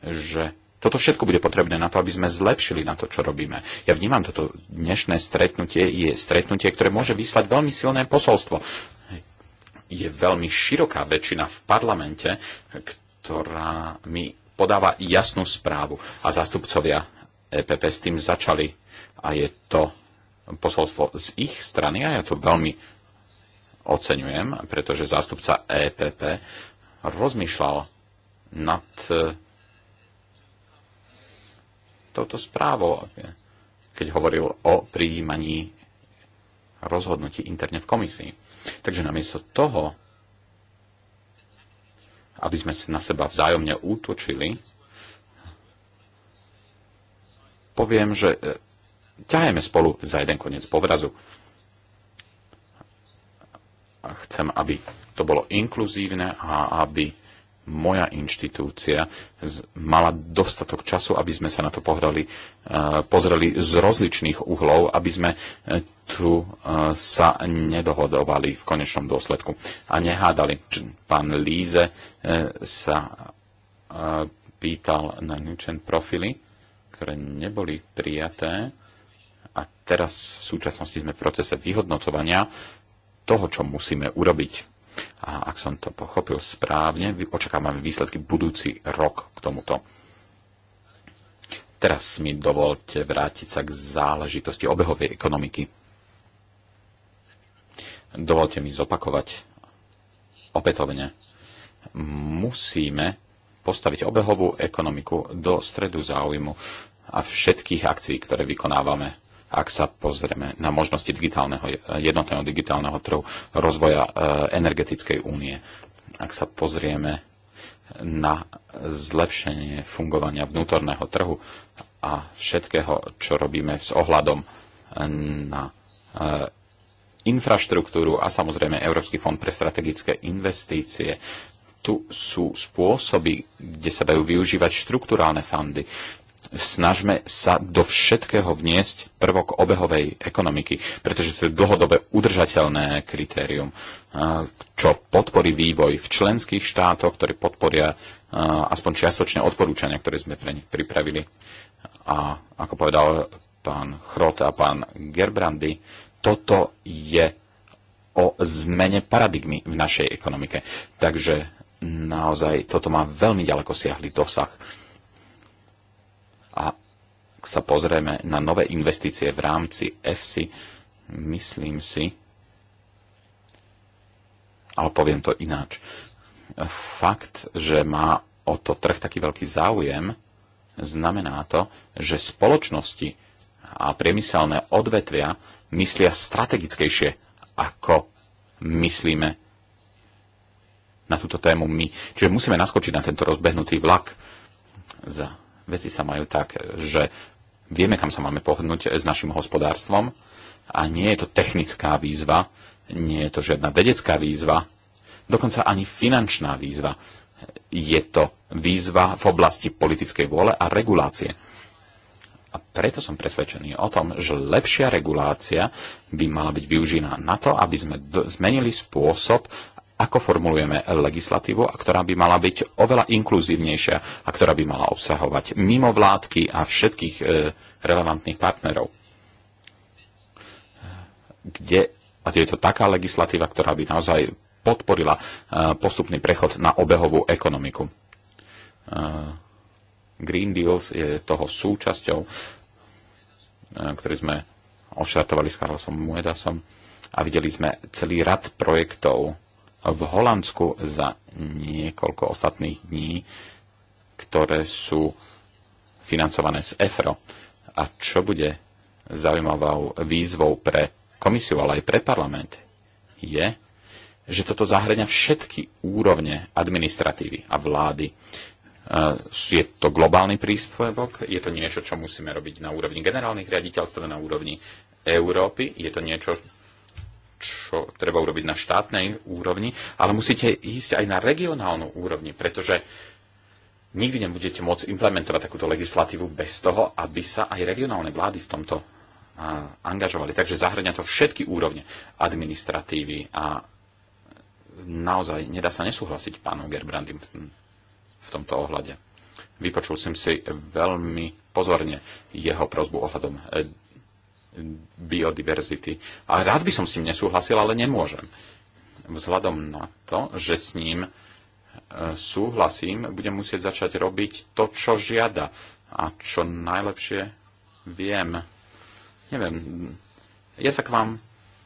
že toto všetko bude potrebné na to, aby sme zlepšili na to, čo robíme. Ja vnímam toto dnešné stretnutie, je stretnutie, ktoré môže vyslať veľmi silné posolstvo. Je veľmi široká väčšina v parlamente, ktorá mi podáva jasnú správu. A zástupcovia EPP s tým začali. A je to posolstvo z ich strany a ja to veľmi oceňujem, pretože zástupca EPP rozmýšľal nad e, touto správou, keď hovoril o prijímaní rozhodnutí interne v komisii. Takže namiesto toho, aby sme na seba vzájomne útočili, poviem, že e, ťahajme spolu za jeden koniec povrazu. Chcem, aby to bolo inkluzívne a aby moja inštitúcia mala dostatok času, aby sme sa na to pohrali, eh, pozreli z rozličných uhlov, aby sme eh, tu eh, sa nedohodovali v konečnom dôsledku a nehádali. Pán Líze sa pýtal na Nučen profily, ktoré neboli prijaté a teraz v súčasnosti sme v procese vyhodnocovania toho, čo musíme urobiť a ak som to pochopil správne, očakávame výsledky budúci rok k tomuto. Teraz mi dovolte vrátiť sa k záležitosti obehovej ekonomiky. Dovolte mi zopakovať opätovne. Musíme postaviť obehovú ekonomiku do stredu záujmu a všetkých akcií, ktoré vykonávame ak sa pozrieme na možnosti digitálneho, jednotného digitálneho trhu rozvoja e, energetickej únie. Ak sa pozrieme na zlepšenie fungovania vnútorného trhu a všetkého, čo robíme s ohľadom e, na e, infraštruktúru a samozrejme Európsky fond pre strategické investície. Tu sú spôsoby, kde sa dajú využívať štruktúrálne fondy, snažme sa do všetkého vniesť prvok obehovej ekonomiky, pretože to je dlhodobé udržateľné kritérium, čo podporí vývoj v členských štátoch, ktorí podporia aspoň čiastočne odporúčania, ktoré sme pre nich pripravili. A ako povedal pán Chrot a pán Gerbrandy, toto je o zmene paradigmy v našej ekonomike. Takže naozaj toto má veľmi ďaleko siahly dosah a ak sa pozrieme na nové investície v rámci EFSI, myslím si, ale poviem to ináč, fakt, že má o to trh taký veľký záujem, znamená to, že spoločnosti a priemyselné odvetvia myslia strategickejšie, ako myslíme na túto tému my. Čiže musíme naskočiť na tento rozbehnutý vlak. Za veci sa majú tak, že vieme, kam sa máme pohnúť s našim hospodárstvom a nie je to technická výzva, nie je to žiadna vedecká výzva, dokonca ani finančná výzva. Je to výzva v oblasti politickej vôle a regulácie. A preto som presvedčený o tom, že lepšia regulácia by mala byť využívaná na to, aby sme zmenili spôsob, ako formulujeme legislatívu a ktorá by mala byť oveľa inkluzívnejšia a ktorá by mala obsahovať mimo vládky a všetkých e, relevantných partnerov. Kde, a je to taká legislatíva, ktorá by naozaj podporila e, postupný prechod na obehovú ekonomiku. E, Green Deals je toho súčasťou, e, ktorý sme oštartovali s Carlosom Muedasom a videli sme celý rad projektov, v Holandsku za niekoľko ostatných dní, ktoré sú financované z EFRO. A čo bude zaujímavou výzvou pre komisiu, ale aj pre parlament, je, že toto zahrania všetky úrovne administratívy a vlády. E, je to globálny príspevok, je to niečo, čo musíme robiť na úrovni generálnych riaditeľstv, na úrovni Európy, je to niečo, čo treba urobiť na štátnej úrovni, ale musíte ísť aj na regionálnu úrovni, pretože nikdy nebudete môcť implementovať takúto legislatívu bez toho, aby sa aj regionálne vlády v tomto angažovali. Takže zahrňa to všetky úrovne administratívy a naozaj nedá sa nesúhlasiť pánom Gerbrandim v tomto ohľade. Vypočul som si veľmi pozorne jeho prozbu ohľadom e, biodiverzity. A rád by som s tým nesúhlasil, ale nemôžem. Vzhľadom na to, že s ním e, súhlasím, budem musieť začať robiť to, čo žiada a čo najlepšie viem. Neviem, ja sa k vám,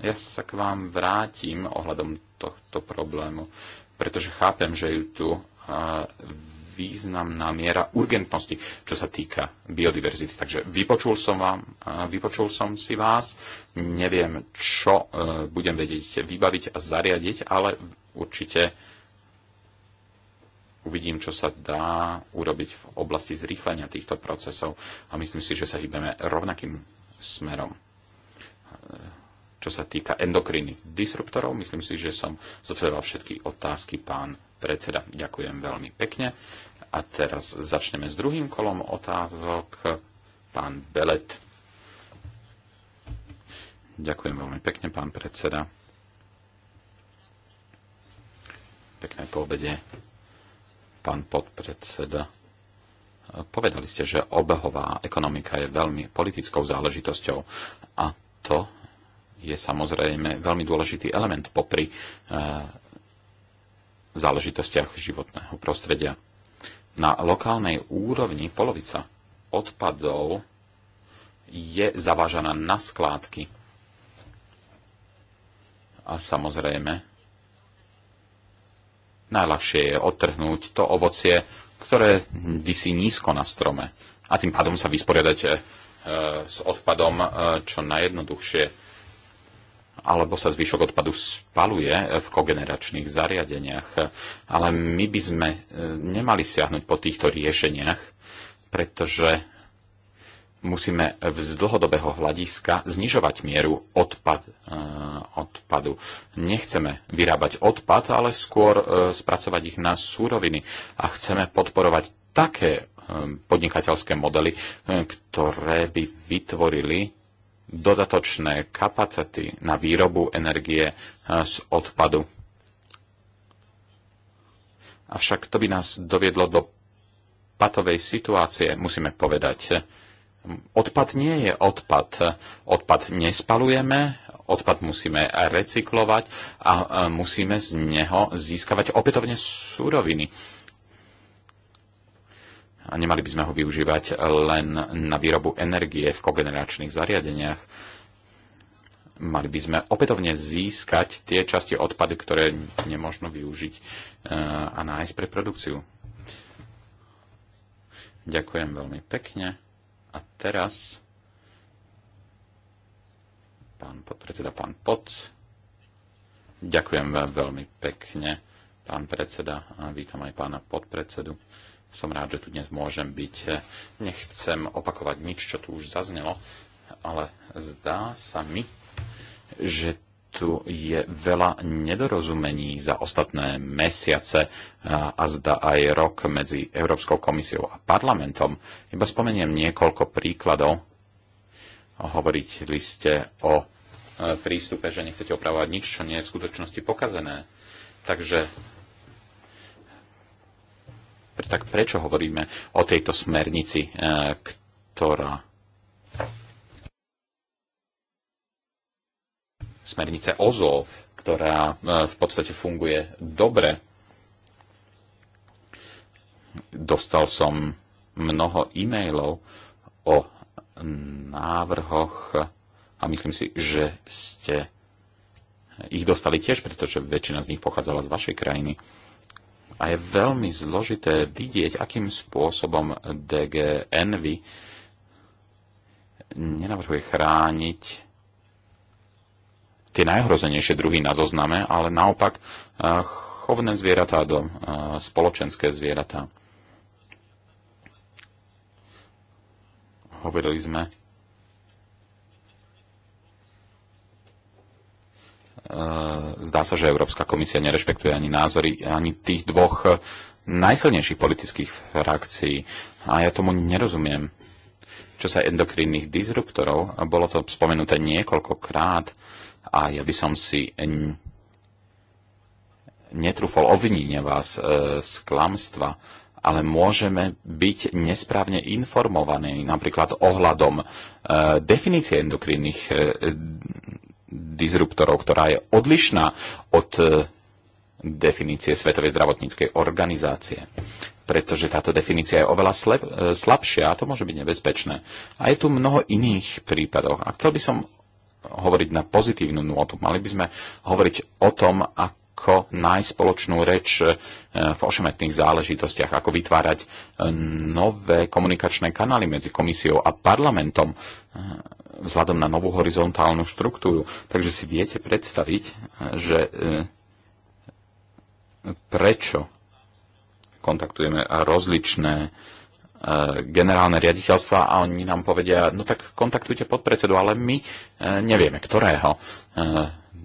ja sa k vám vrátim ohľadom tohto problému, pretože chápem, že ju tu e, významná miera urgentnosti, čo sa týka biodiverzity. Takže vypočul som, vám, vypočul som si vás, neviem, čo e, budem vedieť vybaviť a zariadiť, ale určite uvidím, čo sa dá urobiť v oblasti zrýchlenia týchto procesov a myslím si, že sa hýbeme rovnakým smerom. E, čo sa týka endokrinných disruptorov, myslím si, že som zodpovedal všetky otázky pán predseda. Ďakujem veľmi pekne. A teraz začneme s druhým kolom otázok. Pán Belet. Ďakujem veľmi pekne, pán predseda. Pekné poobede, pán podpredseda. Povedali ste, že obehová ekonomika je veľmi politickou záležitosťou a to je samozrejme veľmi dôležitý element popri e, záležitostiach životného prostredia na lokálnej úrovni polovica odpadov je zavážaná na skládky. A samozrejme, najľahšie je odtrhnúť to ovocie, ktoré vysí nízko na strome. A tým pádom sa e, s odpadom e, čo najjednoduchšie alebo sa zvyšok odpadu spaluje v kogeneračných zariadeniach. Ale my by sme e, nemali siahnuť po týchto riešeniach, pretože musíme z dlhodobého hľadiska znižovať mieru odpad, e, odpadu. Nechceme vyrábať odpad, ale skôr e, spracovať ich na súroviny a chceme podporovať také podnikateľské modely, ktoré by vytvorili dodatočné kapacity na výrobu energie eh, z odpadu. Avšak to by nás doviedlo do patovej situácie, musíme povedať. Odpad nie je odpad. Odpad nespalujeme, odpad musíme recyklovať a eh, musíme z neho získavať opätovne súroviny a nemali by sme ho využívať len na výrobu energie v kogeneračných zariadeniach. Mali by sme opätovne získať tie časti odpadu, ktoré nemôžno využiť e, a nájsť pre produkciu. Ďakujem veľmi pekne. A teraz pán podpredseda, pán Poc. Ďakujem veľmi pekne, pán predseda. A vítam aj pána podpredsedu. Som rád, že tu dnes môžem byť. Nechcem opakovať nič, čo tu už zaznelo, ale zdá sa mi, že tu je veľa nedorozumení za ostatné mesiace a zda aj rok medzi Európskou komisiou a parlamentom. Iba spomeniem niekoľko príkladov. li ste o e, prístupe, že nechcete opravovať nič, čo nie je v skutočnosti pokazené. Takže tak prečo hovoríme o tejto smernici, eh, ktorá smernice OZO, ktorá eh, v podstate funguje dobre. Dostal som mnoho e-mailov o návrhoch a myslím si, že ste ich dostali tiež, pretože väčšina z nich pochádzala z vašej krajiny. A je veľmi zložité vidieť, akým spôsobom DG Envy nenavrhuje chrániť tie najhrozenejšie druhy na zozname, ale naopak eh, chovné zvieratá do eh, spoločenské zvieratá. Hovorili sme E, zdá sa, že Európska komisia nerešpektuje ani názory ani tých dvoch najsilnejších politických frakcií. A ja tomu nerozumiem. Čo sa endokrinných disruptorov, bolo to spomenuté niekoľkokrát a ja by som si netrúfol obviníne vás e, z klamstva, ale môžeme byť nesprávne informovaní napríklad ohľadom e, definície endokrinných e, disruptorov, ktorá je odlišná od e, definície Svetovej zdravotníckej organizácie. Pretože táto definícia je oveľa slab, e, slabšia a to môže byť nebezpečné. A je tu mnoho iných prípadov. A chcel by som hovoriť na pozitívnu nôtu. Mali by sme hovoriť o tom, ako nájsť spoločnú reč e, v ošemetných záležitostiach, ako vytvárať nové komunikačné kanály medzi komisiou a parlamentom vzhľadom na novú horizontálnu štruktúru. Takže si viete predstaviť, e, že e, prečo kontaktujeme rozličné e, generálne riaditeľstva a oni nám povedia, no tak kontaktujte podpredsedu, ale my nevieme, ktorého.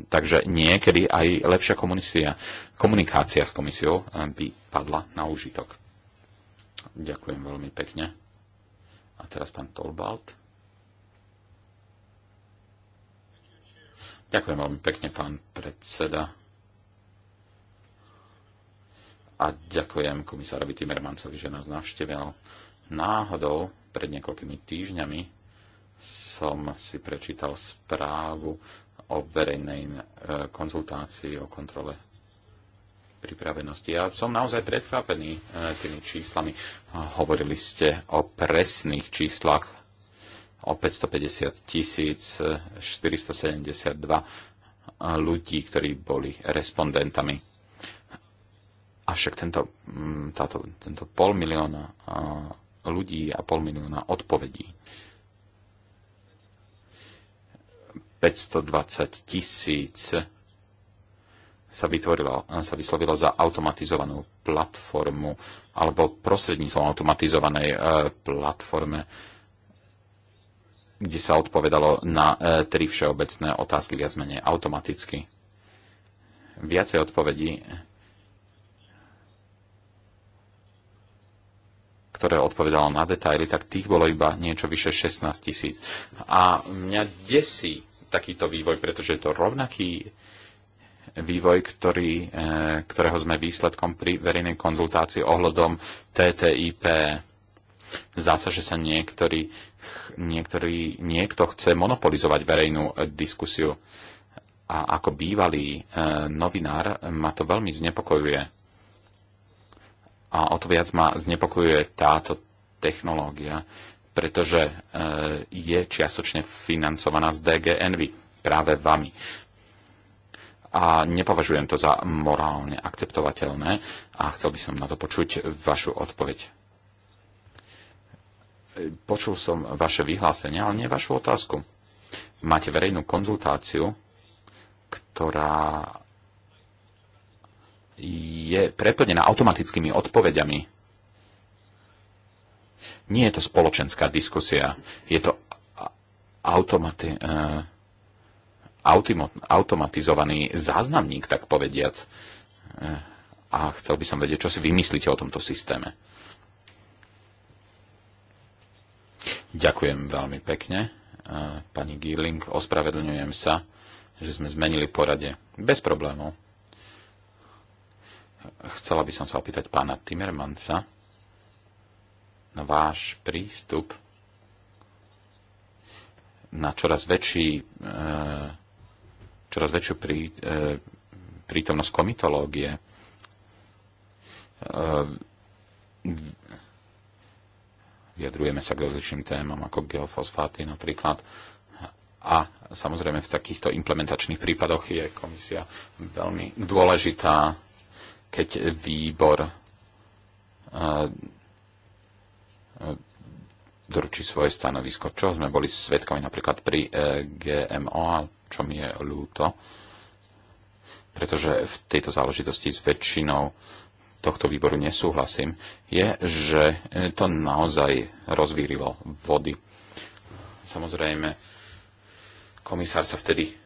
Takže niekedy aj lepšia komunikácia, komunikácia s komisiou by padla na užitok. Ďakujem veľmi pekne. A teraz pán Tolbalt. Ďakujem veľmi pekne, pán predseda. A ďakujem komisárovi Timmermansovi, že nás navštevil. Náhodou pred niekoľkými týždňami som si prečítal správu o verejnej e, konzultácii o kontrole pripravenosti. Ja som naozaj prekvapený e, tými číslami. Hovorili ste o presných číslach o 550 472 ľudí, ktorí boli respondentami. Avšak tento, mm, táto, tento pol milióna ľudí a pol milióna odpovedí. 520 tisíc sa, vytvorilo, sa vyslovilo za automatizovanú platformu alebo prostredníctvom automatizovanej e, platforme kde sa odpovedalo na e, tri všeobecné otázky viac menej automaticky. Viacej odpovedí, ktoré odpovedalo na detaily, tak tých bolo iba niečo vyše 16 tisíc. A mňa desí takýto vývoj, pretože je to rovnaký vývoj, ktorý, e, ktorého sme výsledkom pri verejnej konzultácii ohľadom TTIP Zdá sa, že sa niektorý, niektorý, niekto chce monopolizovať verejnú e, diskusiu. A ako bývalý e, novinár ma to veľmi znepokojuje. A o to viac ma znepokojuje táto technológia, pretože e, je čiastočne financovaná z DGNV práve vami a nepovažujem to za morálne akceptovateľné a chcel by som na to počuť vašu odpoveď. Počul som vaše vyhlásenie, ale nie vašu otázku. Máte verejnú konzultáciu, ktorá je preplnená automatickými odpovediami. Nie je to spoločenská diskusia, je to automati- e, automatizovaný záznamník, tak povediac. E, a chcel by som vedieť, čo si vymyslíte o tomto systéme. Ďakujem veľmi pekne. E, pani Gierling, ospravedlňujem sa, že sme zmenili poradie. Bez problémov. Chcela by som sa opýtať pána Timmermansa na váš prístup na čoraz, väčší, e, čoraz väčšiu prí, e, prítomnosť komitológie vyjadrujeme sa k rozličným témam ako geofosfáty napríklad. A samozrejme v takýchto implementačných prípadoch je komisia veľmi dôležitá, keď výbor e, e, doručí svoje stanovisko, čo sme boli svetkami napríklad pri e, GMO, a čo mi je ľúto, pretože v tejto záležitosti s väčšinou tohto výboru nesúhlasím, je, že e, to naozaj rozvírilo vody. Samozrejme, komisár sa vtedy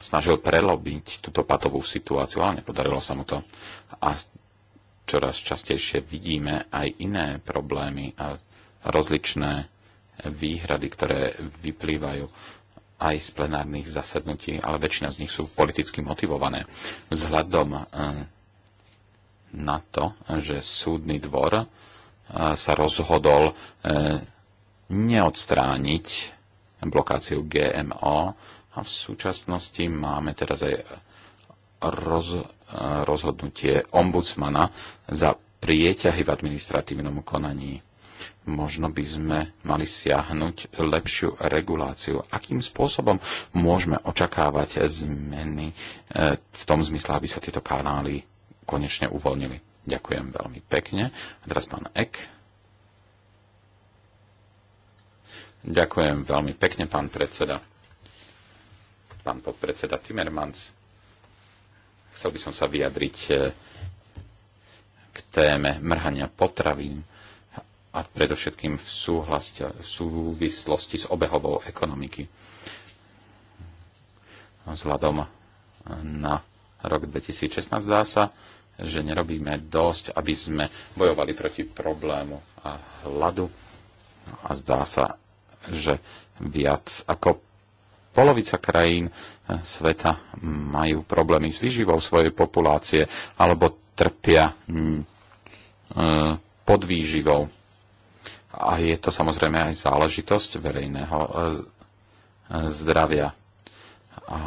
snažil prelobiť túto patovú situáciu, ale nepodarilo sa mu to. A čoraz častejšie vidíme aj iné problémy a rozličné výhrady, ktoré vyplývajú aj z plenárnych zasadnutí, ale väčšina z nich sú politicky motivované. Vzhľadom e, na to, že súdny dvor e, sa rozhodol e, neodstrániť blokáciu GMO a v súčasnosti máme teraz aj roz, e, rozhodnutie ombudsmana za prieťahy v administratívnom konaní. Možno by sme mali siahnuť lepšiu reguláciu. Akým spôsobom môžeme očakávať zmeny v tom zmysle, aby sa tieto kanály konečne uvoľnili. Ďakujem veľmi pekne. A teraz pán Ek. Ďakujem veľmi pekne, pán predseda. Pán podpredseda Timmermans. Chcel by som sa vyjadriť eh, k téme mrhania potravín a predovšetkým v, súhlasť, v súvislosti s obehovou ekonomiky. Vzhľadom na rok 2016 dá sa, že nerobíme dosť, aby sme bojovali proti problému a hladu. A zdá sa, že viac ako polovica krajín eh, sveta majú problémy s výživou svojej populácie alebo trpia mm, eh, pod výživou. A je to samozrejme aj záležitosť verejného eh, zdravia. A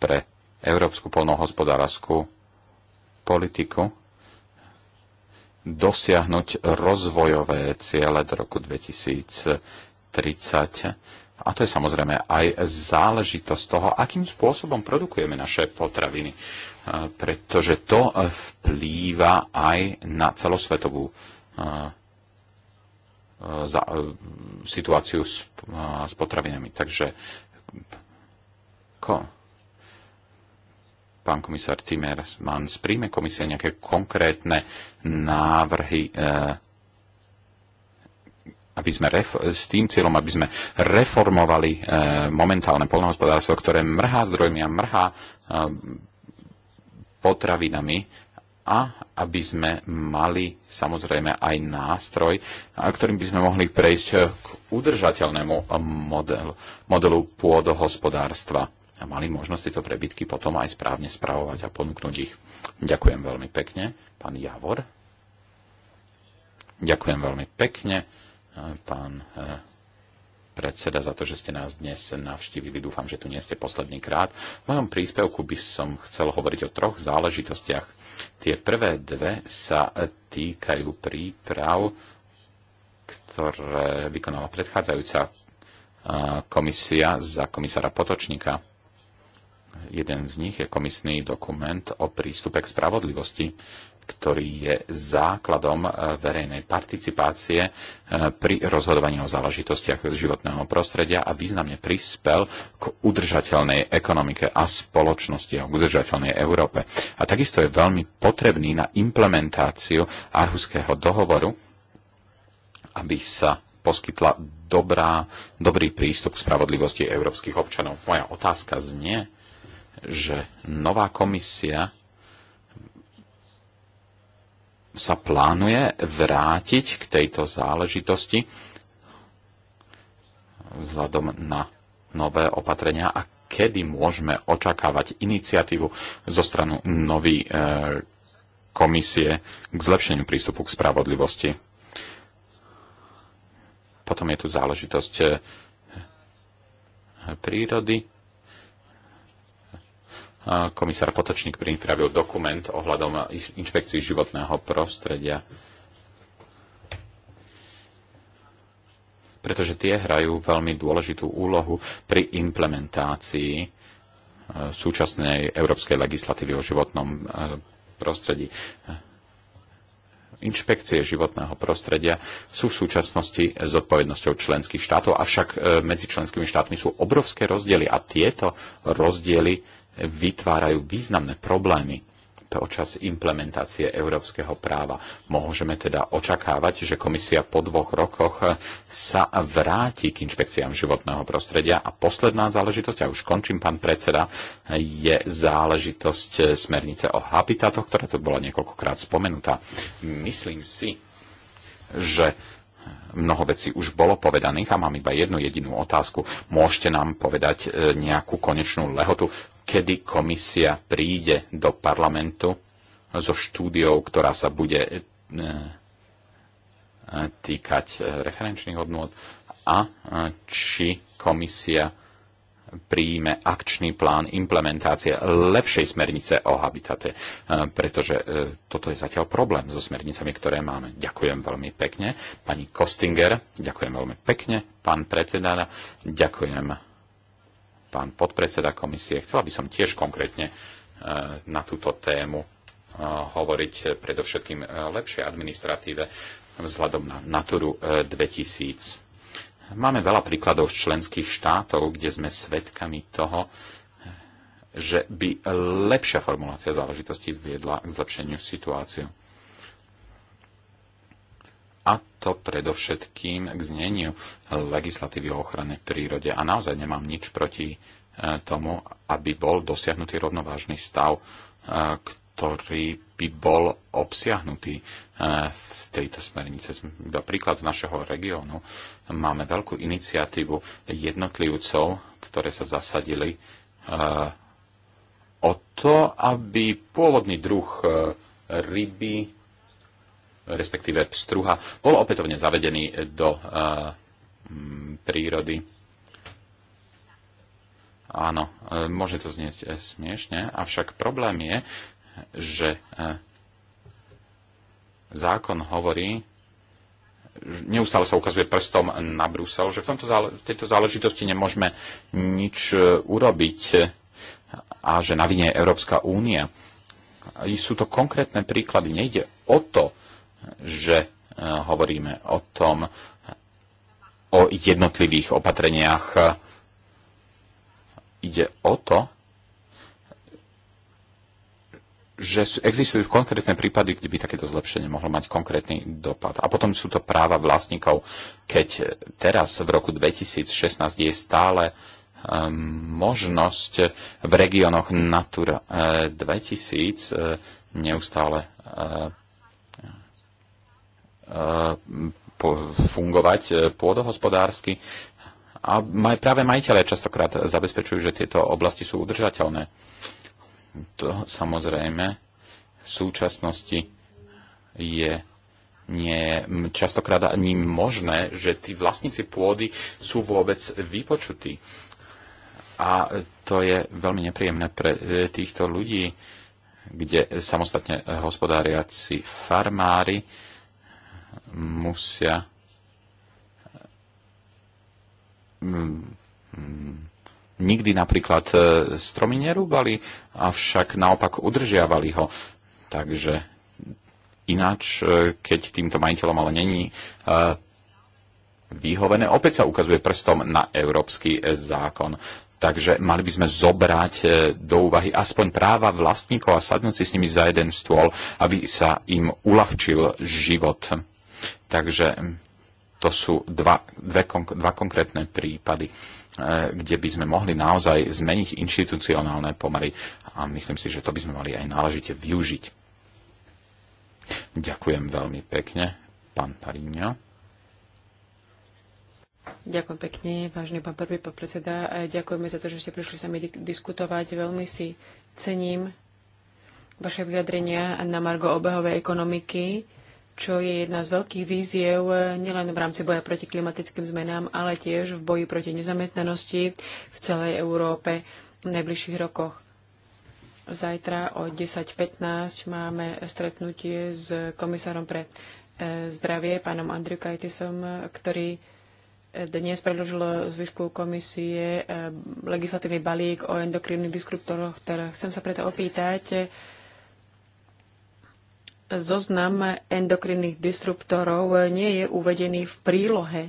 pre európsku polnohospodárskú politiku dosiahnuť rozvojové ciele do roku 2030. A to je samozrejme aj záležitosť toho, akým spôsobom produkujeme naše potraviny, pretože to vplýva aj na celosvetovú situáciu s potravinami. Takže ko, pán komisár Timmermans, príjme komisia nejaké konkrétne návrhy eh, aby sme s tým cieľom, aby sme reformovali eh, momentálne polnohospodárstvo, ktoré mrhá zdrojmi a mrhá eh, potravinami a aby sme mali samozrejme aj nástroj, ktorým by sme mohli prejsť k udržateľnému modelu, modelu pôdohospodárstva a mali možnosť tieto prebytky potom aj správne spravovať a ponúknuť ich. Ďakujem veľmi pekne, pán Javor. Ďakujem veľmi pekne, e, pán e, predseda, za to, že ste nás dnes navštívili. Dúfam, že tu nie ste posledný krát. V mojom príspevku by som chcel hovoriť o troch záležitostiach. Tie prvé dve sa týkajú príprav, ktoré vykonala predchádzajúca e, komisia za komisára Potočníka. Jeden z nich je komisný dokument o prístupe k spravodlivosti, ktorý je základom e, verejnej participácie e, pri rozhodovaní o záležitostiach životného prostredia a významne prispel k udržateľnej ekonomike a spoločnosti a k udržateľnej Európe. A takisto je veľmi potrebný na implementáciu Arhuského dohovoru, aby sa poskytla dobrá, dobrý prístup k spravodlivosti európskych občanov. Moja otázka znie, že nová komisia sa plánuje vrátiť k tejto záležitosti vzhľadom na nové opatrenia a kedy môžeme očakávať iniciatívu zo stranu novej e, komisie k zlepšeniu prístupu k spravodlivosti. Potom je tu záležitosť e, e, prírody komisár Potočník pripravil dokument ohľadom inšpekcií životného prostredia, pretože tie hrajú veľmi dôležitú úlohu pri implementácii e, súčasnej európskej legislatívy o životnom e, prostredí. Inšpekcie životného prostredia sú v súčasnosti s odpovednosťou členských štátov, avšak e, medzi členskými štátmi sú obrovské rozdiely a tieto rozdiely vytvárajú významné problémy počas implementácie európskeho práva. Môžeme teda očakávať, že komisia po dvoch rokoch sa vráti k inšpekciám životného prostredia. A posledná záležitosť, a už končím, pán predseda, je záležitosť smernice o habitatoch, ktorá tu bola niekoľkokrát spomenutá. Myslím si, že mnoho vecí už bolo povedaných a mám iba jednu jedinú otázku. Môžete nám povedať e, nejakú konečnú lehotu, kedy komisia príde do parlamentu so štúdiou, ktorá sa bude e, e, týkať e, referenčných hodnôt a či komisia príjme akčný plán implementácie lepšej smernice o habitate, pretože toto je zatiaľ problém so smernicami, ktoré máme. Ďakujem veľmi pekne. Pani Kostinger, ďakujem veľmi pekne. Pán predseda, ďakujem pán podpredseda komisie. Chcela by som tiež konkrétne e, na túto tému e, hovoriť e, predovšetkým lepšej administratíve vzhľadom na Naturu 2000. Máme veľa príkladov z členských štátov, kde sme svedkami toho, že by lepšia formulácia záležitosti viedla k zlepšeniu situáciu a to predovšetkým k zneniu legislatívy o ochrane prírode. A naozaj nemám nič proti e, tomu, aby bol dosiahnutý rovnovážny stav, e, ktorý by bol obsiahnutý e, v tejto smernice. Iba príklad z našeho regiónu. Máme veľkú iniciatívu jednotlivcov, ktoré sa zasadili o to, aby pôvodný druh ryby respektíve pstruha, bol opätovne zavedený do eh, prírody. Áno, eh, môže to znieť eh, smiešne, avšak problém je, že zákon hovorí, neustále sa ukazuje prstom na Brusel, že v, tomto, v tejto záležitosti nemôžeme nič urobiť a že na vine je Európska únia. Sú to konkrétne príklady. Nejde o to, že e, hovoríme o tom, o jednotlivých opatreniach. Ide o to, že existujú konkrétne prípady, kde by takéto zlepšenie mohlo mať konkrétny dopad. A potom sú to práva vlastníkov. Keď teraz v roku 2016 je stále e, možnosť v regiónoch Natura 2000 e, neustále fungovať e, pôdohospodársky. A práve majiteľe častokrát zabezpečujú, že tieto oblasti sú udržateľné. To samozrejme v súčasnosti je nie častokrát ani možné, že tí vlastníci pôdy sú vôbec vypočutí. A to je veľmi nepríjemné pre e, týchto ľudí, kde samostatne hospodáriaci farmári musia mm, nikdy napríklad e, stromy nerúbali, avšak naopak udržiavali ho. Takže ináč, e, keď týmto majiteľom ale není e, vyhovené, opäť sa ukazuje prstom na európsky zákon. Takže mali by sme zobrať do úvahy aspoň práva vlastníkov a sadnúci s nimi za jeden stôl, aby sa im uľahčil život. Takže mm, to sú dva, dve, dva konkrétne prípady, e, kde by sme mohli naozaj zmeniť inštitucionálne pomery a myslím si, že to by sme mali aj náležite využiť. Ďakujem veľmi pekne, pán Paríňa. Ďakujem pekne, vážny pán prvý podpredseda. E, ďakujeme za to, že ste prišli s nami diskutovať. Veľmi si cením vaše vyjadrenia na margo obehovej ekonomiky čo je jedna z veľkých víziev eh, nielen v rámci boja proti klimatickým zmenám, ale tiež v boji proti nezamestnanosti v celej Európe v najbližších rokoch. Zajtra o 10.15 máme stretnutie s komisárom pre eh, zdravie, pánom Andriu Kajtisom, ktorý eh, dnes predložil zvyšku komisie legislatívny balík o endokrinných diskruptoroch. Teda chcem sa preto opýtať, zoznam endokrinných disruptorov nie je uvedený v prílohe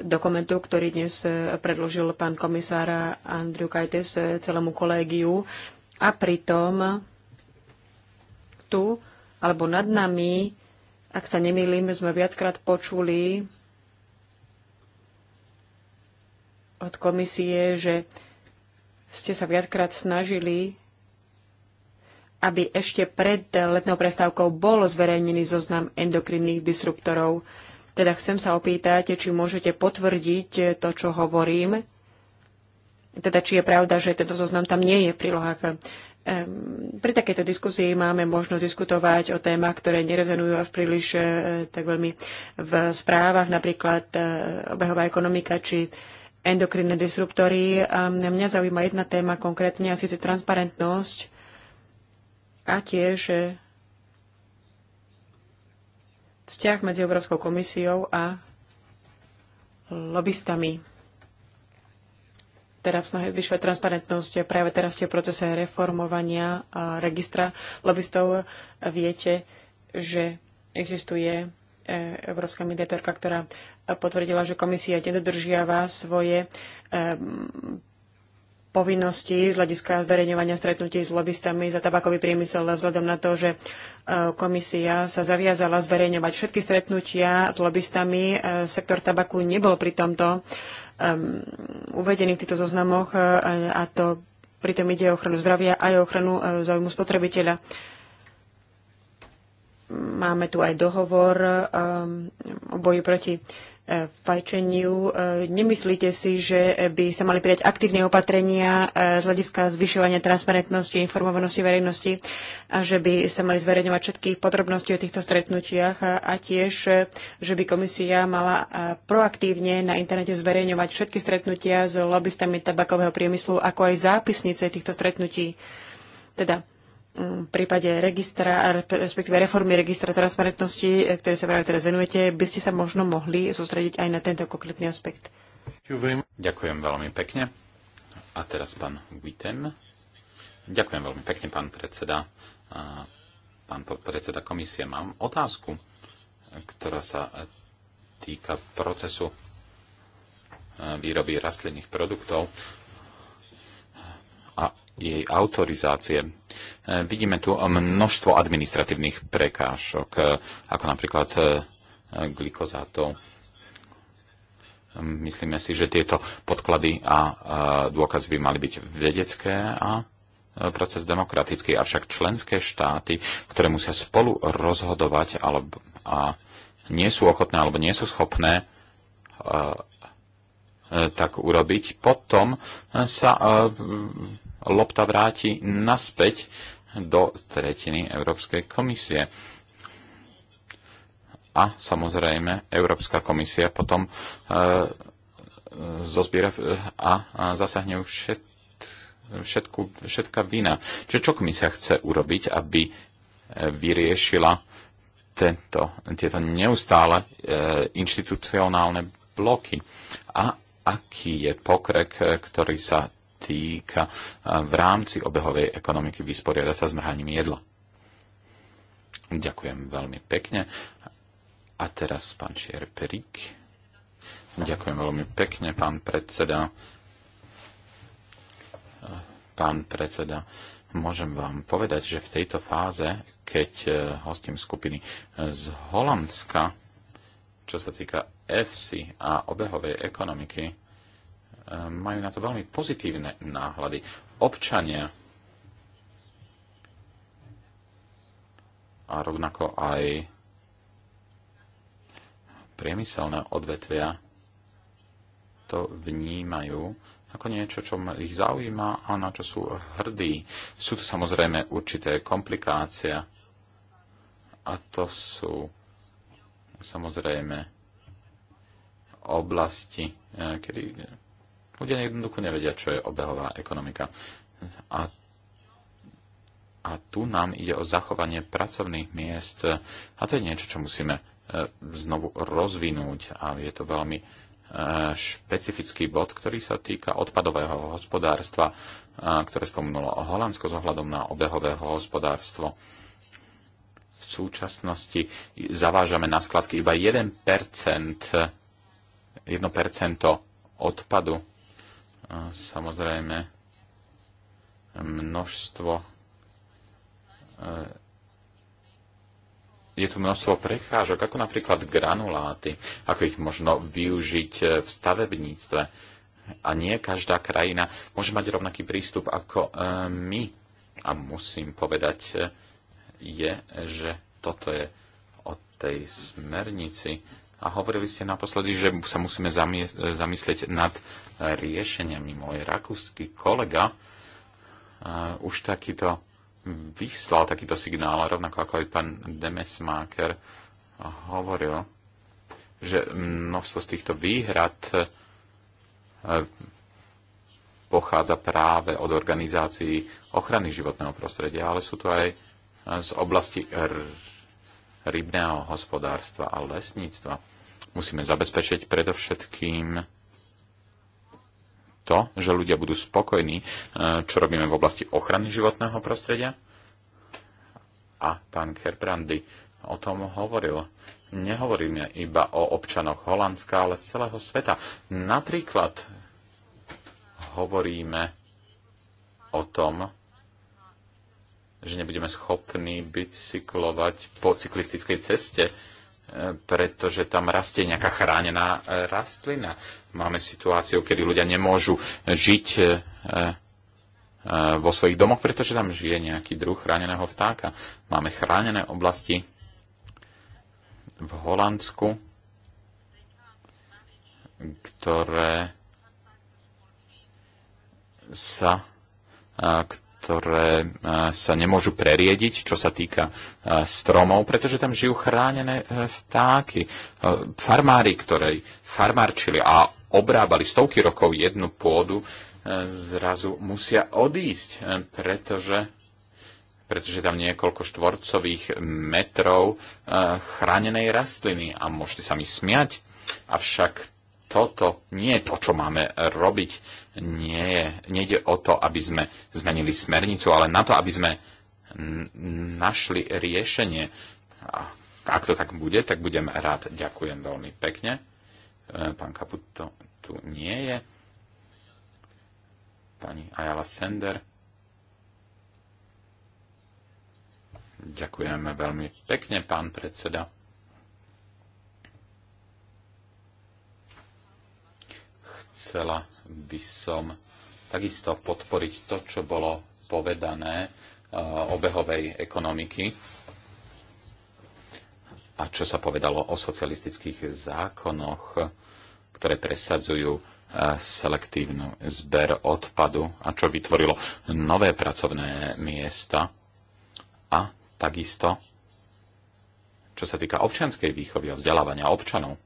dokumentu, ktorý dnes predložil pán komisár Andriu Kajtes celému kolégiu. A pritom tu, alebo nad nami, ak sa nemýlim, sme viackrát počuli od komisie, že ste sa viackrát snažili aby ešte pred letnou prestávkou bol zverejnený zoznam endokrinných disruptorov. Teda chcem sa opýtať, či môžete potvrdiť to, čo hovorím. Teda či je pravda, že tento zoznam tam nie je v prílohách. Ehm, pri takejto diskusii máme možnosť diskutovať o témach, ktoré nerezenujú až príliš e, tak veľmi v správach, napríklad e, obehová ekonomika či endokrinné disruptory. A mňa zaujíma jedna téma konkrétne, a síce transparentnosť a tiež e, vzťah medzi Európskou komisiou a lobbystami. Teda v snahe zvyšovať transparentnosť. Práve teraz ste v procese reformovania a registra lobbystov. Viete, že existuje e, európska mediatorka, ktorá potvrdila, že komisia nedodržiava svoje e, povinnosti z hľadiska zverejňovania stretnutí s lobbystami za tabakový priemysel vzhľadom na to, že e, komisia sa zaviazala zverejňovať všetky stretnutia s lobbystami. E, sektor tabaku nebol pri tomto um, uvedený v týchto zoznamoch e, a to pritom ide o ochranu zdravia aj o ochranu záujmu spotrebiteľa. Máme tu aj dohovor um, o boju proti fajčeniu. E, nemyslíte si, že by sa mali prijať aktívne opatrenia e, z hľadiska zvyšovania transparentnosti, informovanosti verejnosti a že by sa mali zverejňovať všetky podrobnosti o týchto stretnutiach a tiež, e, že by komisia mala proaktívne na internete zverejňovať všetky stretnutia s lobbystami tabakového priemyslu, ako aj zápisnice týchto stretnutí. Teda v prípade registra, respektíve reformy registra transparentnosti, e, ktoré sa práve teraz venujete, by ste sa možno mohli sústrediť aj na tento konkrétny aspekt. Ďakujem veľmi pekne. A teraz pán Witten. Ďakujem veľmi pekne, pán predseda. Pán predseda komisie, mám otázku, ktorá sa týka procesu e, výroby rastlinných produktov a jej autorizácie. E, vidíme tu množstvo administratívnych prekážok, e, ako napríklad e, glikozátov. Myslíme si, že tieto podklady a dôkazy by mali byť vedecké a proces demokratický. Avšak členské štáty, ktoré musia spolu rozhodovať alebo, a nie sú ochotné alebo nie sú schopné tak urobiť, potom sa lopta vráti naspäť do tretiny Európskej komisie. A samozrejme, Európska komisia potom e, e zozbiera e, a, a zasahne všet, všetku, všetka vina. Čiže čo komisia chce urobiť, aby e, vyriešila tento, tieto neustále e, inštitucionálne bloky a aký je pokrek, ktorý sa týka v rámci obehovej ekonomiky vysporiadať sa s mrhaním jedla. Ďakujem veľmi pekne. A teraz pán Šierperík. Ďakujem veľmi pekne, pán predseda. Pán predseda, môžem vám povedať, že v tejto fáze, keď e, hostím skupiny z Holandska, čo sa týka EFSI a obehovej ekonomiky, Ehm, majú na to veľmi pozitívne náhľady. Občania a rovnako aj priemyselné odvetvia to vnímajú ako niečo, čo ich zaujíma a na čo sú hrdí. Sú tu samozrejme určité komplikácie a to sú samozrejme oblasti, eh, kedy Ľudia jednoducho nevedia, čo je obehová ekonomika. A, a tu nám ide o zachovanie pracovných miest a to je niečo, čo musíme e, znovu rozvinúť a je to veľmi e, špecifický bod, ktorý sa týka odpadového hospodárstva, e, ktoré spomenulo Holandsko s ohľadom na obehové hospodárstvo. V súčasnosti zavážame na skladky iba 1%, 1% odpadu samozrejme množstvo e, je tu množstvo prechážok, ako napríklad granuláty, ako ich možno využiť e, v stavebníctve. A nie každá krajina môže mať rovnaký prístup ako e, my. A musím povedať, je, že toto je o tej smernici a hovorili ste naposledy, že sa musíme zamyslieť nad riešeniami. Môj rakúsky kolega uh, už takýto vyslal takýto signál, rovnako ako aj pán Demesmaker hovoril, že množstvo z týchto výhrad e, pochádza práve od organizácií ochrany životného prostredia, ale sú to aj z oblasti rybného hospodárstva a lesníctva. Musíme zabezpečiť predovšetkým to, že ľudia budú spokojní, e, čo robíme v oblasti ochrany životného prostredia. A pán Kerbrandy o tom hovoril. Nehovoríme iba o občanoch Holandska, ale z celého sveta. Napríklad hovoríme o tom, že nebudeme schopní bicyklovať po cyklistickej ceste, e, pretože tam rastie nejaká chránená e, rastlina. Máme situáciu, kedy ľudia nemôžu žiť e, vo svojich domoch, pretože tam žije nejaký druh chráneného vtáka. Máme chránené oblasti v Holandsku, ktoré sa, ktoré e, sa nemôžu preriediť, čo sa týka e, stromov, pretože tam žijú chránené e, vtáky. Farmári, ktorí farmárčili a obrábali stovky rokov jednu pôdu, zrazu musia odísť, pretože, pretože tam niekoľko štvorcových metrov chránenej rastliny. A môžete sa mi smiať, avšak toto nie je to, čo máme robiť. Nie je, nejde o to, aby sme zmenili smernicu, ale na to, aby sme našli riešenie. A ak to tak bude, tak budem rád. Ďakujem veľmi pekne. E, pán Kaputo tu nie je. Pani Ayala Sender. Ďakujem veľmi pekne, pán predseda. Chcela by som takisto podporiť to, čo bolo povedané e, obehovej ekonomiky a čo sa povedalo o socialistických zákonoch, ktoré presadzujú e, selektívnu zber odpadu a čo vytvorilo nové pracovné miesta a takisto, čo sa týka občianskej výchovy a vzdelávania občanov.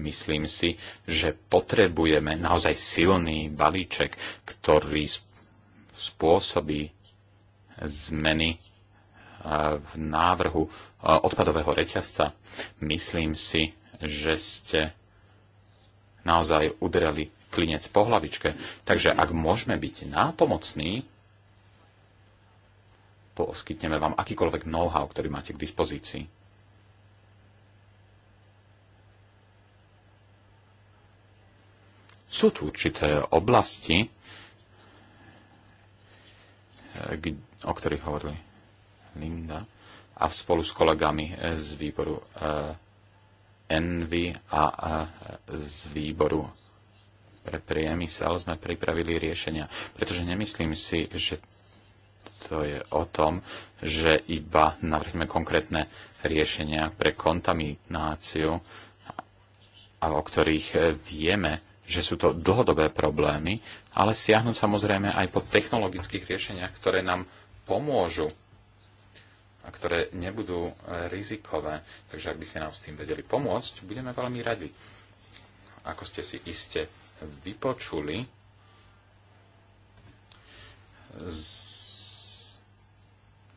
Myslím si, že potrebujeme naozaj silný balíček, ktorý spôsobí zmeny eh, v návrhu eh, odpadového reťazca. Myslím si, že ste naozaj udreli klinec po hlavičke. Takže ak môžeme byť nápomocní, poskytneme vám akýkoľvek know-how, ktorý máte k dispozícii. Sú tu určité oblasti, eh, o ktorých hovorili Linda a spolu s kolegami eh, z výboru eh, Envy a z výboru pre priemysel sme pripravili riešenia. Pretože nemyslím si, že to je o tom, že iba navrhneme konkrétne riešenia pre kontamináciu, a o ktorých vieme, že sú to dlhodobé problémy, ale siahnu samozrejme aj po technologických riešeniach, ktoré nám pomôžu a ktoré nebudú e, rizikové. Takže ak by ste nám s tým vedeli pomôcť, budeme veľmi radi. Ako ste si iste vypočuli, z...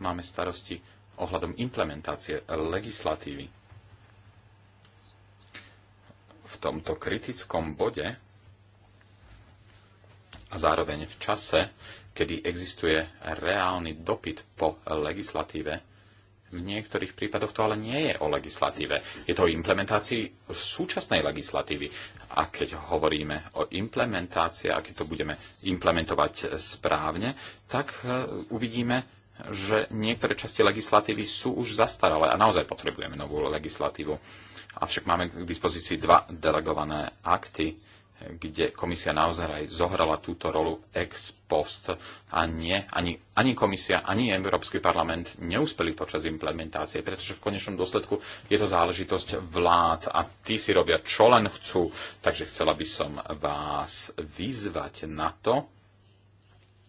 máme starosti ohľadom implementácie legislatívy v tomto kritickom bode a zároveň v čase, kedy existuje reálny dopyt po legislatíve, v niektorých prípadoch to ale nie je o legislatíve. Je to o implementácii súčasnej legislatívy. A keď hovoríme o implementácii, a keď to budeme implementovať správne, tak e, uvidíme, že niektoré časti legislatívy sú už zastaralé a naozaj potrebujeme novú legislatívu Avšak máme k dispozícii dva delegované akty, kde komisia naozaj zohrala túto rolu ex post a nie, ani, ani komisia, ani Európsky parlament neúspeli počas implementácie, pretože v konečnom dôsledku je to záležitosť vlád a tí si robia čo len chcú. Takže chcela by som vás vyzvať na to,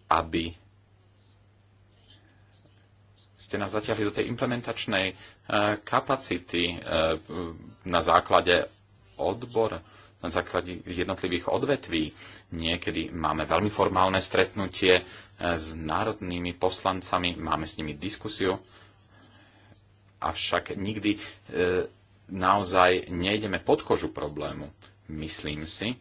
aby ste nás zatiahli do tej implementačnej eh, kapacity eh, na základe odbor, na základe jednotlivých odvetví. Niekedy máme veľmi formálne stretnutie eh, s národnými poslancami, máme s nimi diskusiu, avšak nikdy naozaj nejdeme pod kožu problému. Myslím si,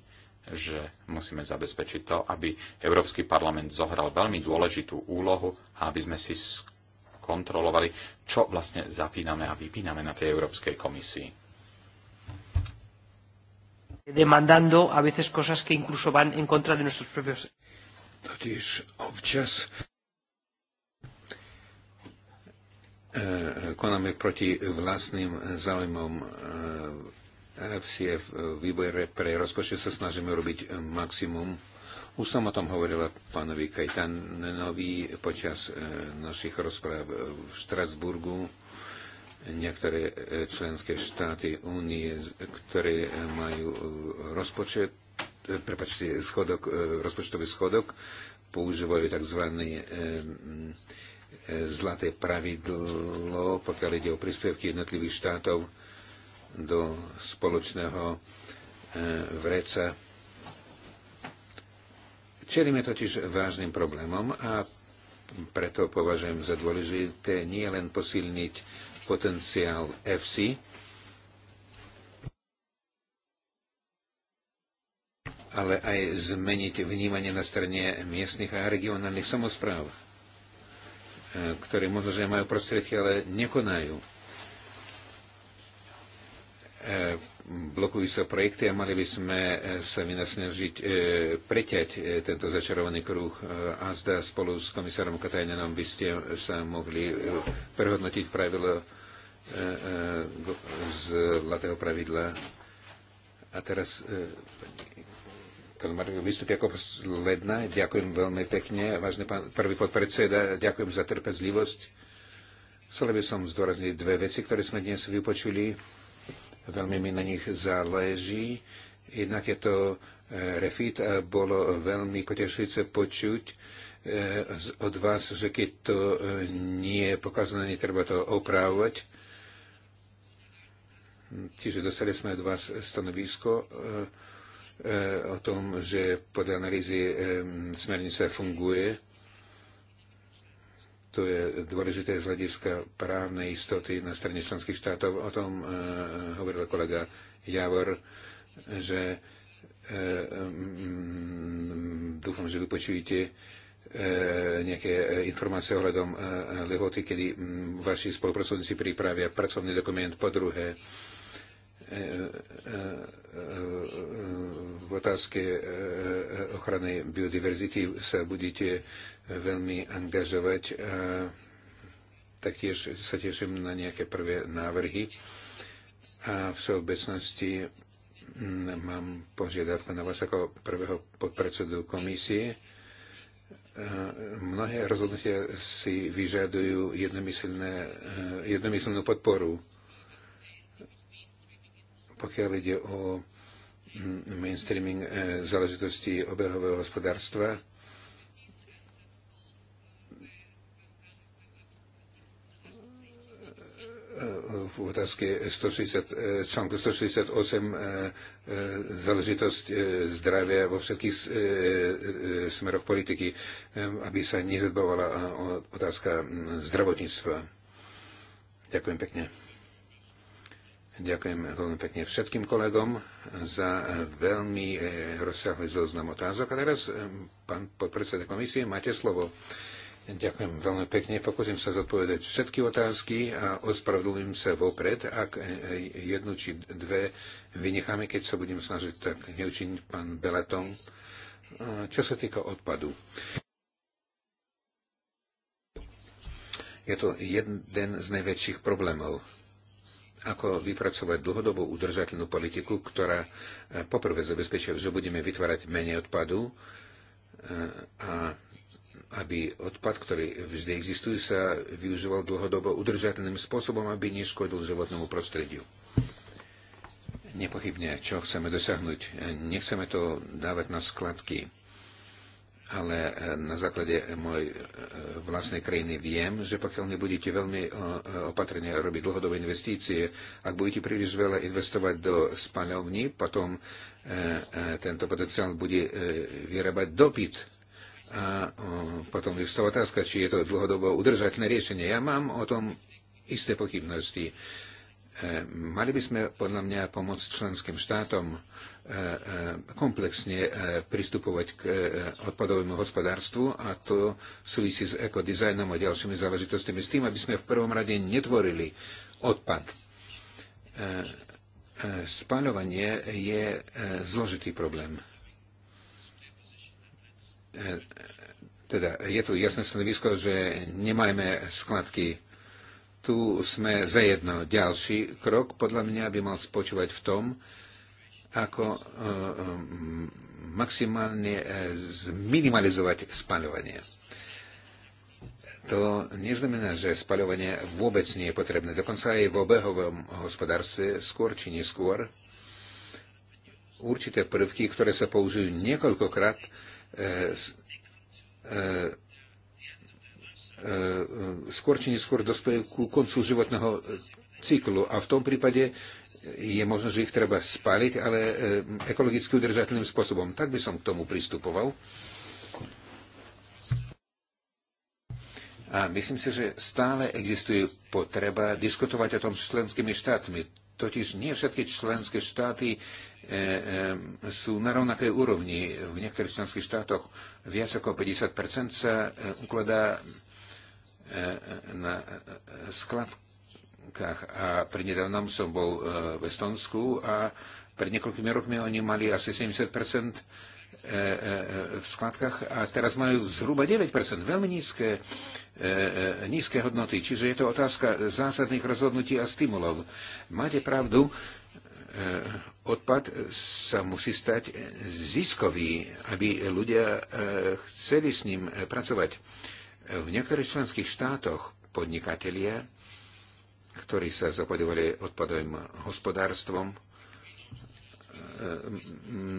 že musíme zabezpečiť to, aby Európsky parlament zohral veľmi dôležitú úlohu a aby sme si kontrolovali, čo vlastne zapíname a vypíname na tej Európskej komisii. Demandando a veces cosas que incluso van en contra de nuestros propios. Totiž občas eh, konáme proti vlastným záujmom FCF eh, eh, výbore pre rozpočet sa snažíme robiť maximum už som o tom hovorila pánovi Kajtanovi počas e, našich rozpráv v Štrasburgu. Niektoré e, členské štáty únie, ktoré e, majú rozpočet, prepačte, schodok, rozpočtový schodok, používajú tzv zlaté pravidlo, pokiaľ ide o príspevky jednotlivých štátov do spoločného vreca Čelíme totiž vážnym problémom a preto považujem za dôležité nie len posilniť potenciál FC, ale aj zmeniť vnímanie na strane miestnych a regionálnych samozpráv, e, ktoré možno, že majú prostriedky, ale nekonajú. E, blokujú sa projekty a mali by sme eh, sa vynasnažiť eh, preťať eh, tento začarovaný kruh. A zda spolu s komisárom Katajnenom by ste sa mohli prehodnotiť pravidlo z zlatého pravidla. A teraz Kalmarko vystúpi ako ledna. Ďakujem veľmi pekne. Vážny pán prvý podpredseda, ďakujem za trpezlivosť. Chcel by som zdôrazniť dve veci, ktoré sme dnes vypočuli. Veľmi mi na nich záleží. Jednak je to e, refit a bolo veľmi potešujúce počuť e, od vás, že keď to e, nie je pokazané, netreba to opravovať. Čiže dostali sme od vás stanovisko o tom, že podľa analýzy smernica funguje to je dôležité z hľadiska právnej istoty na strane členských štátov. O tom e, hovoril kolega Javor, že e, m, mm, dúfam, že vypočujete e, nejaké informácie ohľadom e, lehoty, kedy m, mm, vaši spolupracovníci pripravia pracovný dokument. Po druhé, e, e, e, v otázke e, e, ochrany biodiverzity sa budete veľmi angažovať. E, taktiež sa teším na nejaké prvé návrhy. A v všeobecnosti mám požiadavku na vás ako prvého podpredsedu komisie. Mnohé rozhodnutia si vyžadujú jednomyselnú podporu. Pokiaľ ide o mainstreaming eh, záležitosti obehového hospodárstva. Eh, v otázke 160, eh, článku 168 záležitosť zdravia vo všetkých smeroch politiky, aby sa nezadbovala otázka hm, zdravotníctva. Ďakujem pekne. Ďakujem veľmi pekne všetkým kolegom za veľmi eh, rozsiahly zoznam otázok. A teraz, eh, pán podpredseda komisie, máte slovo. Ďakujem veľmi pekne. Pokúsim sa zodpovedať všetky otázky a ospravedlňujem sa vopred, ak eh, jednu či dve vynecháme, keď sa budem snažiť tak neučiniť pán Beleton. Čo sa týka odpadu. Je to jeden z najväčších problémov ako vypracovať dlhodobú udržateľnú politiku, ktorá e, poprvé zabezpečia, že budeme vytvárať menej odpadu e, a aby odpad, ktorý vždy existuje, sa využíval dlhodobo udržateľným spôsobom, aby neškodil životnému prostrediu. Nepochybne, čo chceme dosiahnuť. E, nechceme to dávať na skladky ale e, na základe e, mojej e, vlastnej krajiny viem, že pokiaľ nebudete veľmi opatrne robiť dlhodobé investície, ak budete príliš veľa investovať do spaľovní, potom tento potenciál bude vyrábať dopyt. A potom je otázka, či je to dlhodobo udržateľné riešenie. Ja mám o tom isté pochybnosti. E, mali by sme podľa mňa pomôcť členským štátom e, e, komplexne pristupovať k odpadovému hospodárstvu a to súvisí s ekodizajnom a ďalšími záležitostiami s tým, aby sme v prvom rade netvorili odpad. Spáľovanie je zložitý problém. Teda je tu jasné stanovisko, že nemajme skladky tu sme zajedno. Ďalší krok podľa mňa by mal spočívať v tom, ako e, e, maximálne e, zminimalizovať spaľovanie. To neznamená, že spaľovanie vôbec nie je potrebné. Dokonca aj v obehovom hospodárstve skôr či neskôr určité prvky, ktoré sa použijú niekoľkokrát, e, e, E, e, skôr či neskôr dospejú ku koncu životného cyklu. A v tom prípade je možno, že ich treba spáliť, ale e, ekologicky udržateľným spôsobom. Tak by som k tomu pristupoval. A myslím si, že stále existuje potreba diskutovať o tom s členskými štátmi. Totiž nie všetky členské štáty e, e, sú na rovnakej úrovni. V niektorých členských štátoch viac ako 50 sa ukladá E, na skladkách. A pri nedávnom som bol e, v Estonsku a pred niekoľkými rokmi oni mali asi 70 e, v skladkách a teraz majú zhruba 9%, veľmi nízke, nízke hodnoty. Čiže je to otázka zásadných rozhodnutí a stimulov. Máte pravdu, odpad sa musí stať ziskový, aby ľudia chceli s ním pracovať. V niektorých členských štátoch podnikatelia, ktorí sa zapodívali odpadovým hospodárstvom, eh,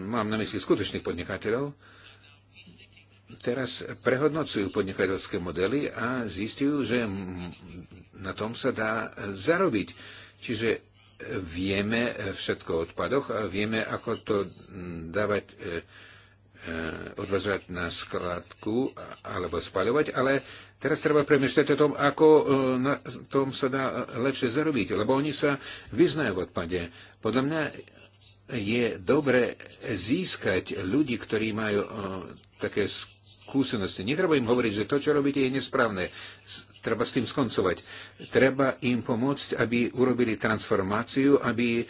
mám na mysli skutočných podnikateľov, teraz prehodnocujú podnikateľské modely a zistujú, že na tom sa dá zarobiť. Čiže vieme všetko o odpadoch a vieme, ako to mm, dávať eh, Eh, odvážať na skladku alebo spaľovať, ale teraz treba premyšľať o tom, ako eh, na tom sa dá lepšie zarobiť, lebo oni sa vyznajú v odpade. Podľa mňa je dobre získať ľudí, ktorí majú eh, také skúsenosti. Netreba im hovoriť, že to, čo robíte, je nesprávne. Treba s tým skoncovať. Treba im pomôcť, aby urobili transformáciu, aby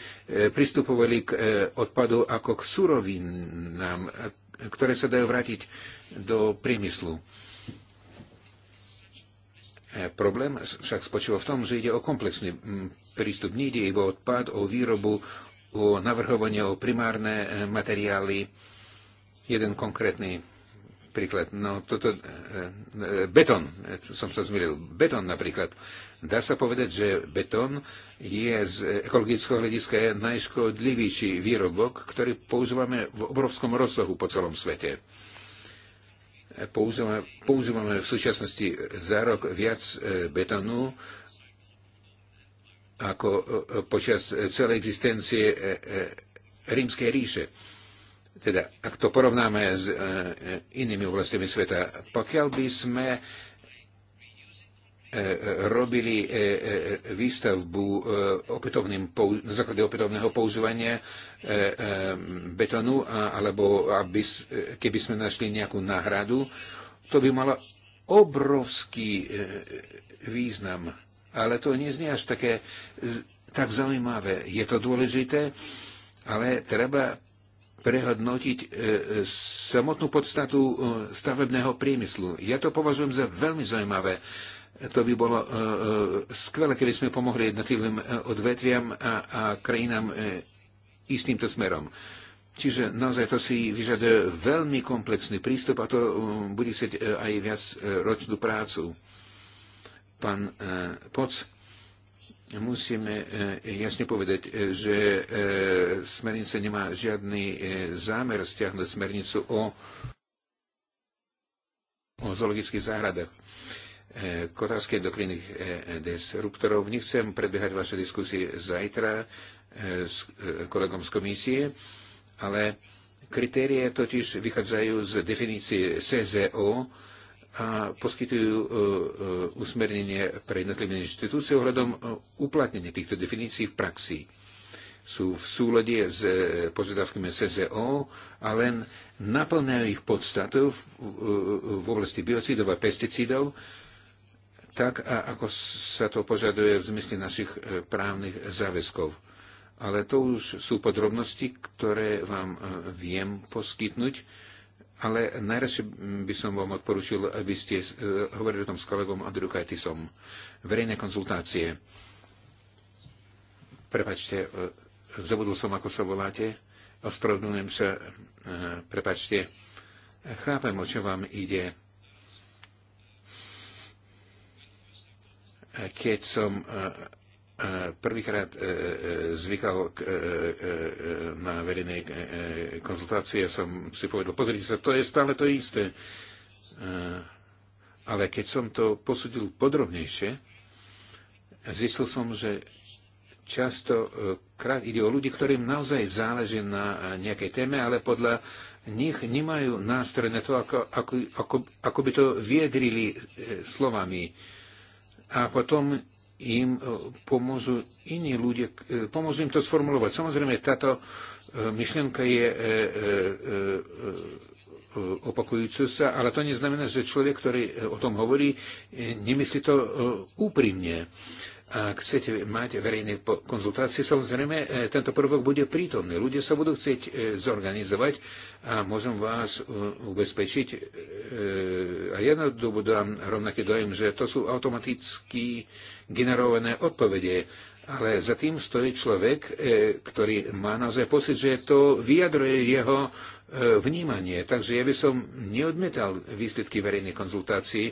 pristupovali k odpadu ako k surovinám, ktoré sa dajú vrátiť do priemyslu. E, problém však spočíva v tom, že ide o komplexný prístup. Nejde iba o odpad, o výrobu, o navrhovanie, o primárne e, materiály. Jeden konkrétny príklad. No toto, e, beton, betón, som sa zmýlil, betón napríklad. Dá sa povedať, že betón je z ekologického hľadiska najškodlivejší výrobok, ktorý používame v obrovskom rozsahu po celom svete. Používame, používame v súčasnosti za rok viac e, betónu ako e, počas celej existencie e, rímskej ríše. Teda, ak to porovnáme s inými oblastiami sveta, pokiaľ by sme E, e, robili e, výstavbu opätovným, na základe opätovného používania betonu, alebo aby, keby sme našli nejakú náhradu, to by malo obrovský význam. Ale to nie znie až také tak zaujímavé. Je to dôležité, ale treba prehodnotiť samotnú podstatu stavebného priemyslu. Ja to považujem za veľmi zaujímavé to by bolo e, e, skvelé, keby sme pomohli jednotlivým e, odvetviam a, a krajinám ísť týmto smerom. Čiže naozaj to si vyžaduje veľmi komplexný prístup a to bude chcieť aj viac ročnú prácu. Pán Poc, musíme jasne povedať, že smernica nemá žiadny zámer stiahnuť smernicu o, o zoologických záhradách E, K otázke endokrinných e, disruptorov nechcem predbiehať vaše diskusie zajtra e, s kolegom z komisie, ale kritérie totiž vychádzajú z definície CZO, a poskytujú usmernenie pre jednotlivé inštitúcie ohľadom uplatnenia týchto definícií v praxi. Sú v súlade s požiadavkami CZO a len naplňajú ich podstatu v oblasti biocidov a pesticídov tak, ako sa to požaduje v zmysle našich e, právnych záväzkov. Ale to už sú podrobnosti, ktoré vám e, viem poskytnúť, ale najradšie by som vám odporučil, aby ste e, hovorili o tom s kolegom Andrukajtisom. Verejné konzultácie. Prepačte, zabudol som, ako sa voláte. Ospravedlňujem sa, prepačte. Chápem, o čo vám ide Keď som prvýkrát e, e, zvykal e, na verejnej konzultácie, som si povedal, pozrite sa, to je stále to isté. Ale keď som to posudil podrobnejšie, zistil som, že často krát ide o ľudí, ktorým naozaj záleží na nejakej téme, ale podľa nich nemajú nástroj na to, ako, ako, ako, ako by to viedrili slovami a potom im e, pomôžu iní ľudia, e, pomôžu im to sformulovať. Samozrejme, táto e, myšlienka je opakujúcu sa, ale to neznamená, že človek, ktorý o tom hovorí, nemyslí to úprimne. Ak chcete mať verejné konzultácie, samozrejme, e, tento prvok bude prítomný. Ľudia sa budú chcieť e, zorganizovať a môžem vás e, ubezpečiť. A ja na dobu dám rovnaký dojem, že to sú automaticky generované odpovede. Ale za tým stojí človek, ktorý má naozaj pocit, že to vyjadruje jeho vnímanie. Takže ja by som neodmetal výsledky verejnej konzultácii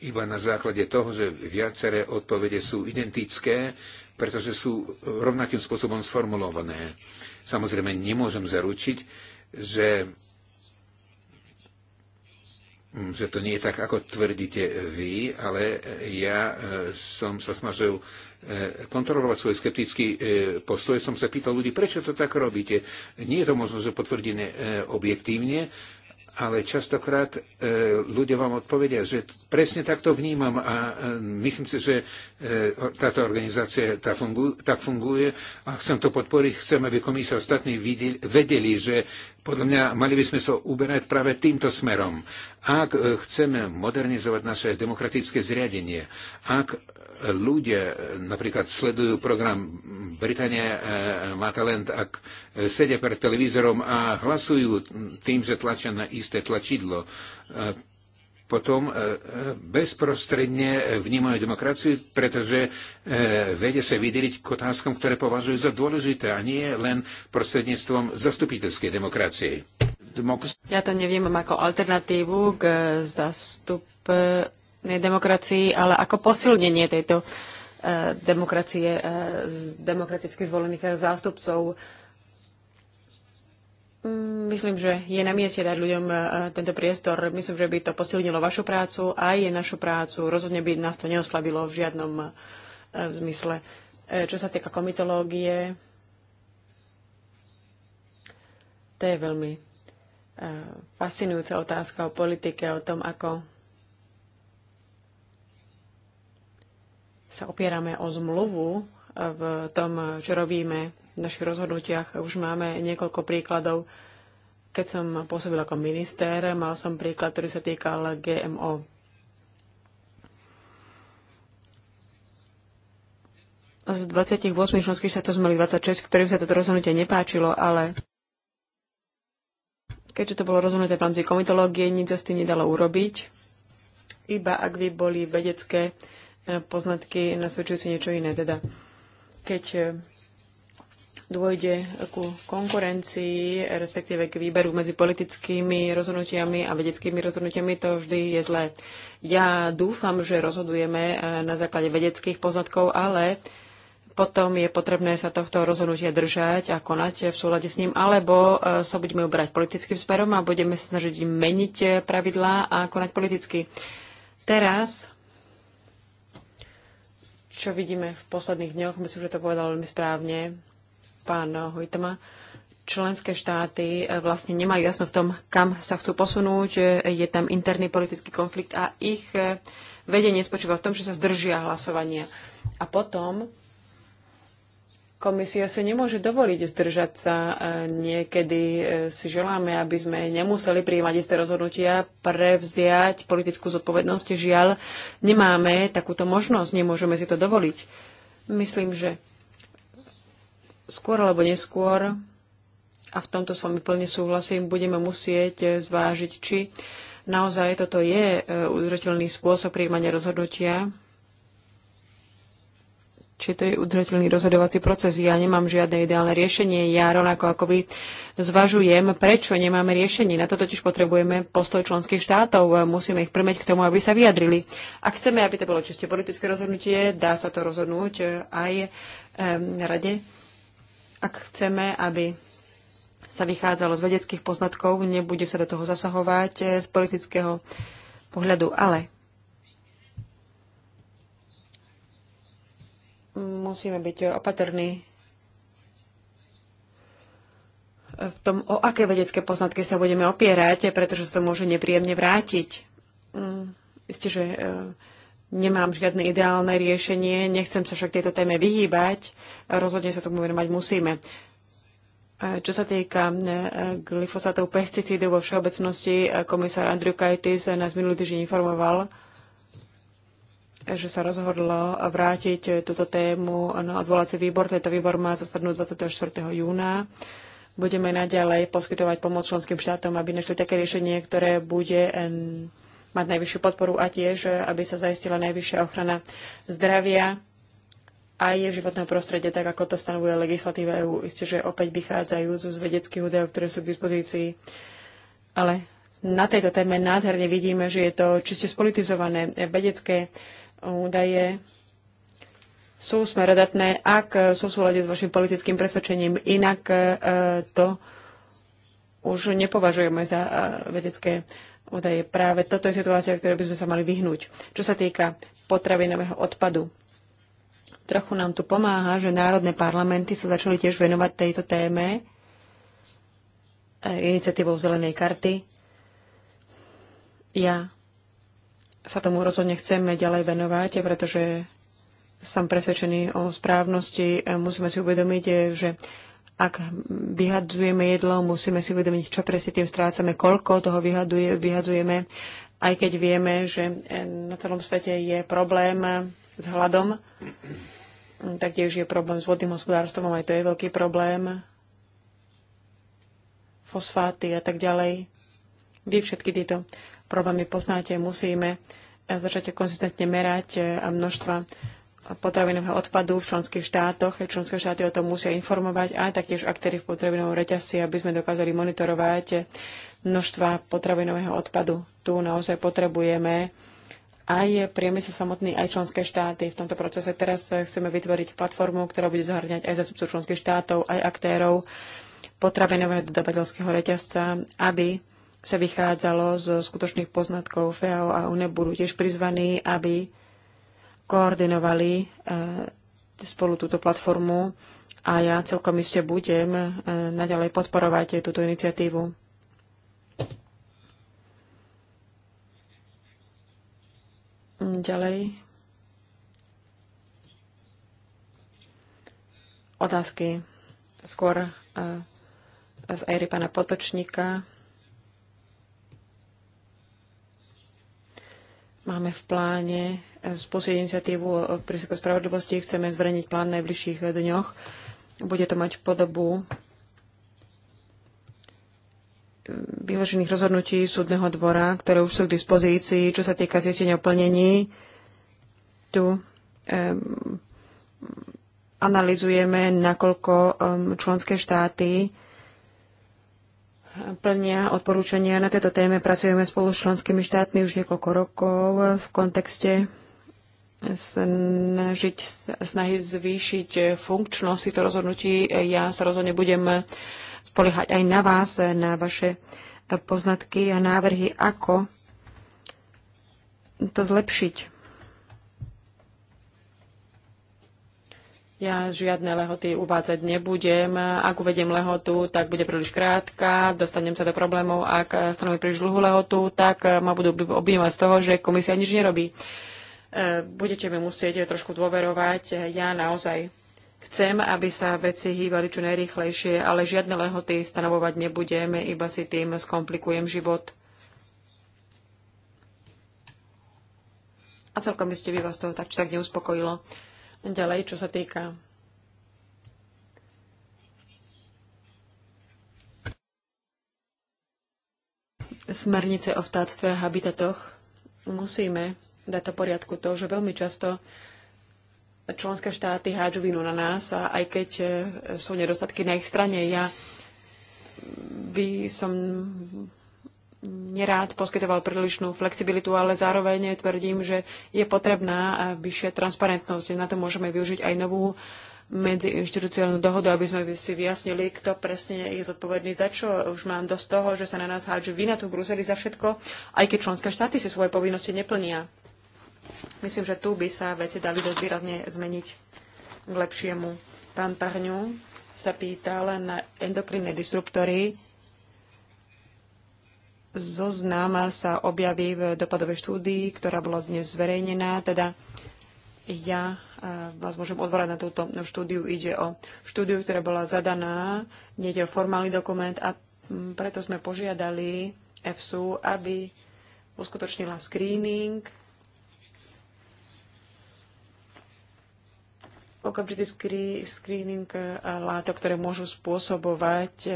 iba na základe toho, že viaceré odpovede sú identické, pretože sú rovnakým spôsobom sformulované. Samozrejme, nemôžem zaručiť, že, mm, že to nie je tak, ako tvrdíte vy, ale ja e, som sa snažil e, kontrolovať svoj skeptický e, postoj. Som sa pýtal ľudí, prečo to tak robíte. Nie je to možno, že potvrdené objektívne, ale častokrát e, ľudia vám odpovedia, že presne takto vnímam a e, myslím si, že e, táto organizácia tá fungu, tak funguje a chcem to podporiť, chcem, aby komisia ostatní videli, vedeli, že podľa mňa mali by sme sa so uberať práve týmto smerom. Ak e, chceme modernizovať naše demokratické zriadenie, ak ľudia napríklad sledujú program Británia e, má talent, ak sedia pred televízorom a hlasujú tým, že tlačia na isté tlačidlo, e, potom e, bezprostredne vnímajú demokraciu, pretože vedia sa vydeliť k otázkam, ktoré považujú za dôležité a nie len prostredníctvom zastupiteľskej demokracie. Ja to neviem ako alternatívu k zastup demokracii, ale ako posilnenie tejto e, demokracie e, z demokraticky zvolených zástupcov. Mm, myslím, že je na mieste dať ľuďom e, tento priestor. Myslím, že by to posilnilo vašu prácu a aj našu prácu. Rozhodne by nás to neoslabilo v žiadnom zmysle. Čo sa týka komitológie, to je veľmi fascinujúca otázka o politike, o tom, ako sa opierame o zmluvu e, v tom, čo robíme v našich rozhodnutiach. Už máme niekoľko príkladov. Keď som pôsobil ako minister, mal som príklad, ktorý sa týkal GMO. Z 28 členských štátov sme mali 26, ktorým sa toto rozhodnutie nepáčilo, ale keďže to bolo rozhodnuté v rámci komitológie, nič sa s tým nedalo urobiť. Iba ak by boli vedecké E, poznatky nasvedčujúci niečo iné. Teda keď e, dôjde ku konkurencii, respektíve k výberu medzi politickými rozhodnutiami a vedeckými rozhodnutiami, to vždy je zlé. Ja dúfam, že rozhodujeme e, na základe vedeckých poznatkov, ale potom je potrebné sa tohto rozhodnutia držať a konať v súlade s ním, alebo sa budeme ubrať politickým smerom a budeme sa snažiť meniť pravidlá a konať politicky. Teraz čo vidíme v posledných dňoch, myslím, že to povedal veľmi správne pán Hojtma, členské štáty eh, vlastne nemajú jasno v tom, kam sa chcú posunúť. Eh, je tam interný politický konflikt a ich eh, vedenie spočíva v tom, že sa zdržia hlasovania. A potom Komisia si nemôže dovoliť zdržať sa. E, niekedy e, si želáme, aby sme nemuseli prijímať isté rozhodnutia, prevziať politickú zodpovednosť. Žiaľ, nemáme takúto možnosť, nemôžeme si to dovoliť. Myslím, že skôr alebo neskôr, a v tomto s vami plne súhlasím, budeme musieť e, zvážiť, či naozaj toto je udržateľný spôsob prijímania rozhodnutia či to je udržateľný rozhodovací proces. Ja nemám žiadne ideálne riešenie. Ja rovnako ako vy zvažujem, prečo nemáme riešenie. Na to totiž potrebujeme postoj členských štátov. Musíme ich prmeť k tomu, aby sa vyjadrili. Ak chceme, aby to bolo čiste politické rozhodnutie, dá sa to rozhodnúť aj um, rade. Ak chceme, aby sa vychádzalo z vedeckých poznatkov, nebude sa do toho zasahovať eh, z politického pohľadu. Ale musíme byť opatrní v tom, o aké vedecké poznatky sa budeme opierať, pretože sa to môže nepríjemne vrátiť. Mm, isté, že e, nemám žiadne ideálne riešenie, nechcem sa však tejto téme vyhýbať, rozhodne sa tomu venovať musíme. E, čo sa týka e, glyfosátov pesticídov vo všeobecnosti, komisár Andrew Kajtis nás minulý týždeň informoval že sa rozhodlo vrátiť túto tému na no odvolací výbor. Tento výbor má zasadnúť 24. júna. Budeme naďalej poskytovať pomoc členským štátom, aby našli také riešenie, ktoré bude mať najvyššiu podporu a tiež, aby sa zaistila najvyššia ochrana zdravia a je životného prostredia, tak ako to stanovuje legislatíva EÚ. Isté, že opäť vychádzajú z vedeckých údajov, ktoré sú k dispozícii. Ale na tejto téme nádherne vidíme, že je to čiste spolitizované. Vedecké údaje sú smerodatné, ak sú v súlade s vašim politickým presvedčením. Inak e, to už nepovažujeme za e, vedecké údaje. Práve toto je situácia, ktorej by sme sa mali vyhnúť. Čo sa týka potravinového odpadu, trochu nám tu pomáha, že národné parlamenty sa začali tiež venovať tejto téme e, iniciatívou Zelenej karty. Ja sa tomu rozhodne chceme ďalej venovať, pretože som presvedčený o správnosti. E, musíme si uvedomiť, e, že ak vyhadzujeme jedlo, musíme si uvedomiť, čo presne tým strácame, koľko toho vyhaduje, vyhadzujeme, aj keď vieme, že e, na celom svete je problém s hladom, taktiež je problém s vodným hospodárstvom, aj to je veľký problém, fosfáty a tak ďalej. Vy všetky tieto problémy poznáte, musíme začať konzistentne merať e, a množstva potravinového odpadu v členských štátoch. E, členské štáty o tom musia informovať a taktiež aktéry v potravinovom reťazci, aby sme dokázali monitorovať e, množstva potravinového odpadu. Tu naozaj potrebujeme aj priemysel samotný, aj členské štáty. V tomto procese teraz chceme vytvoriť platformu, ktorá bude zahrňať aj zastupcov členských štátov, aj aktérov potravinového dodavateľského reťazca, aby sa vychádzalo zo skutočných poznatkov FEAO a UNE budú tiež prizvaní, aby koordinovali e, spolu túto platformu a ja celkom iste budem e, naďalej podporovať túto iniciatívu. Ďalej. Otázky skôr e, z éry pána Potočníka. Máme v pláne spustiť iniciatívu pri spravodlivosti. Chceme zverejniť plán v najbližších dňoch. Bude to mať podobu vyložených rozhodnutí súdneho dvora, ktoré už sú k dispozícii, čo sa týka zistenia o plnení. Tu um, analizujeme, nakoľko um, členské štáty plnia odporúčania. Na tejto téme pracujeme spolu s členskými štátmi už niekoľko rokov v kontekste snažiť, snahy zvýšiť funkčnosť týchto rozhodnutí. Ja sa rozhodne budem spoliehať aj na vás, na vaše poznatky a návrhy, ako to zlepšiť. Ja žiadne lehoty uvádzať nebudem. Ak uvediem lehotu, tak bude príliš krátka, dostanem sa do problémov. Ak stanovím príliš dlhú lehotu, tak eh, ma budú obvinovať z toho, že komisia nič nerobí. Eh, budete mi musieť trošku dôverovať. Ja naozaj chcem, aby sa veci hýbali čo najrýchlejšie, ale žiadne lehoty stanovovať nebudeme, iba si tým skomplikujem život. A celkom by ste by vás toho tak či tak neuspokojilo. Ďalej, čo sa týka smernice o vtáctve a habitatoch, musíme dať to poriadku to, že veľmi často členské štáty hádžu vinu na nás a aj keď e, sú nedostatky na ich strane, ja by som nerád poskytoval prílišnú flexibilitu, ale zároveň tvrdím, že je potrebná eh, vyššia transparentnosť. Na to môžeme využiť aj novú medziinštitucionálnu dohodu, aby sme si vyjasnili, kto presne je zodpovedný za čo. Už mám dosť toho, že sa na nás hádžu vina tu v Bruseli za všetko, aj keď členské štáty si svoje povinnosti neplnia. Myslím, že tu by sa veci dali dosť výrazne zmeniť k lepšiemu. Pán Parňu sa pýtal na endokrinné disruptory zoznam sa objaví v dopadovej štúdii, ktorá bola dnes zverejnená. Teda ja e, vás môžem odvorať na túto štúdiu. Ide o štúdiu, ktorá bola zadaná, nejde o formálny dokument a mm, preto sme požiadali EFSU, aby uskutočnila screening. Okamžitý screening e, látok, ktoré môžu spôsobovať e,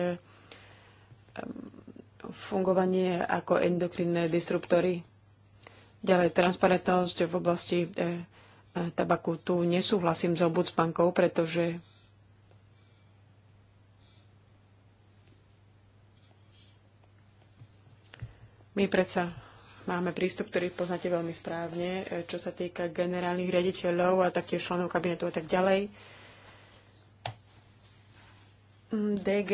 fungovanie ako endokrinné disruptory. Ďalej transparentnosť v oblasti e, e, tabaku. Tu nesúhlasím s obudspankou, pretože my predsa máme prístup, ktorý poznáte veľmi správne, e, čo sa týka generálnych riaditeľov a taktiež členov kabinetu a tak ďalej. Mm, DG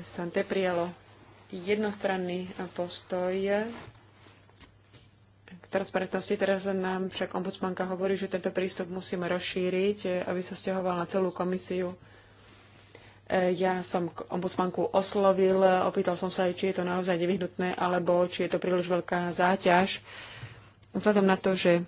Sante prijalo jednostranný eh, postoj k eh, transparentnosti. Teraz nám však ombudsmanka hovorí, že tento prístup musíme rozšíriť, eh, aby sa stiahoval na celú komisiu. Ja som k ombudsmanku oslovil, opýtal som sa aj, či je to naozaj nevyhnutné, alebo či je to príliš veľká záťaž. Vzhľadom na to, že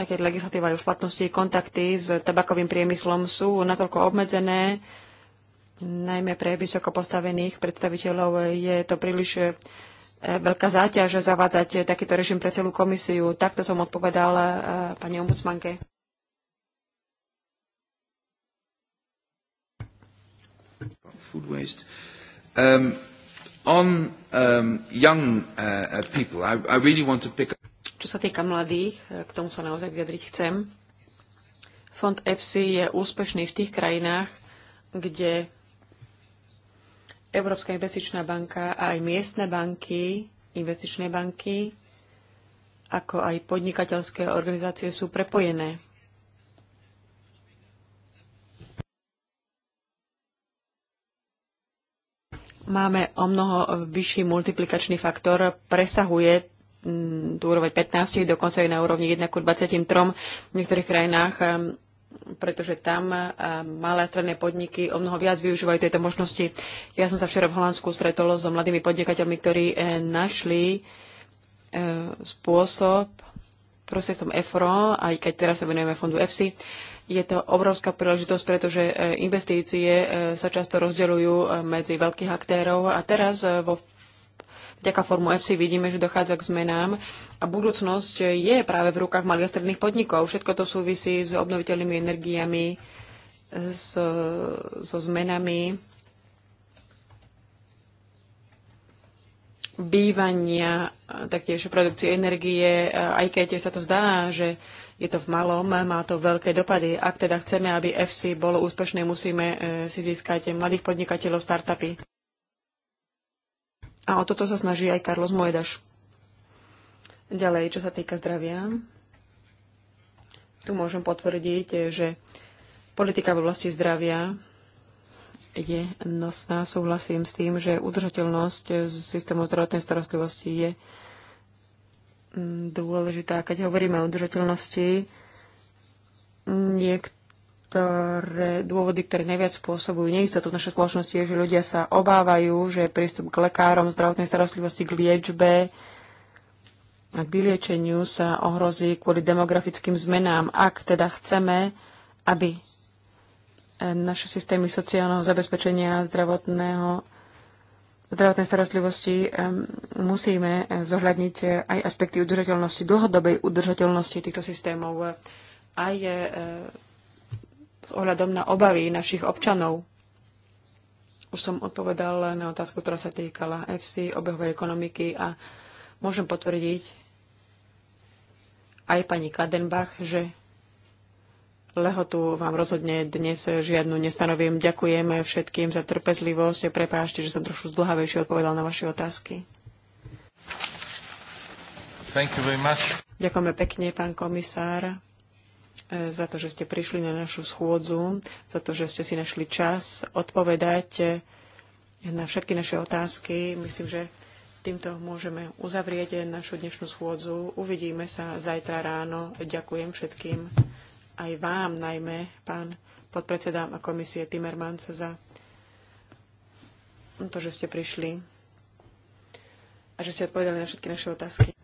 aj keď legislatíva je v platnosti, kontakty s tabakovým priemyslom sú natoľko obmedzené, najmä pre vysoko postavených predstaviteľov je to príliš e, veľká záťaž zavádzať takýto režim pre celú komisiu. Takto som odpovedal e, pani ombudsmanke. Food waste. Um, on um, young uh, uh, people, I, I really want to pick up... Čo sa týka mladých, e, k tomu sa naozaj vyjadriť chcem. Fond EFSI je úspešný v tých krajinách, kde Európska investičná banka a aj miestne banky, investičné banky, ako aj podnikateľské organizácie sú prepojené. Máme o mnoho vyšší multiplikačný faktor, presahuje mm, tú úroveň 15, dokonca aj na úrovni 1 k 23 v niektorých krajinách mm, pretože tam malé stredné podniky o mnoho viac využívajú tejto možnosti. Ja som sa včera v Holandsku stretol so mladými podnikateľmi, ktorí e, našli e, spôsob prostredstvom EFRO, aj keď teraz sa venujeme fondu EFSI, je to obrovská príležitosť, pretože e, investície sa často rozdeľujú medzi veľkých aktérov a teraz vo Vďaka formu FC vidíme, že dochádza k zmenám a budúcnosť je práve v rukách malých a stredných podnikov. Všetko to súvisí s obnoviteľnými energiami, so, so zmenami bývania, taktiež produkcie energie, aj keď sa to zdá, že je to v malom, má to veľké dopady. Ak teda chceme, aby FC bolo úspešné, musíme eh, si získať mladých podnikateľov startupy. A o toto sa snaží aj Carlos Moedaš. Ďalej, čo sa týka zdravia, tu môžem potvrdiť, že politika v oblasti zdravia je nosná. Súhlasím s tým, že udržateľnosť systému zdravotnej starostlivosti je mm, dôležitá. Keď hovoríme o udržateľnosti, niekto ktoré, dôvody, ktoré najviac spôsobujú neistotu v našej spoločnosti, je, že ľudia sa obávajú, že prístup k lekárom, zdravotnej starostlivosti, k liečbe a k vyliečeniu sa ohrozí kvôli demografickým zmenám. Ak teda chceme, aby e, naše systémy sociálneho zabezpečenia a zdravotného zdravotnej starostlivosti e, musíme e, zohľadniť aj aspekty udržateľnosti, dlhodobej udržateľnosti týchto systémov, aj s ohľadom na obavy našich občanov. Už som odpovedal na otázku, ktorá sa týkala FC, obehovej ekonomiky a môžem potvrdiť aj pani Kadenbach, že lehotu vám rozhodne dnes žiadnu nestanovím. Ďakujeme všetkým za trpezlivosť. Prepášte, že som trošku zdlhavejšie odpovedal na vaše otázky. Ďakujeme pekne, pán komisár. E, za to, že ste prišli na našu schôdzu, za to, že ste si našli čas odpovedať e, na všetky naše otázky. Myslím, že týmto môžeme uzavrieť našu dnešnú schôdzu. Uvidíme sa zajtra ráno. Ďakujem všetkým, aj vám najmä, pán podpredseda a komisie Timmermans, za to, že ste prišli a že ste odpovedali na všetky naše otázky.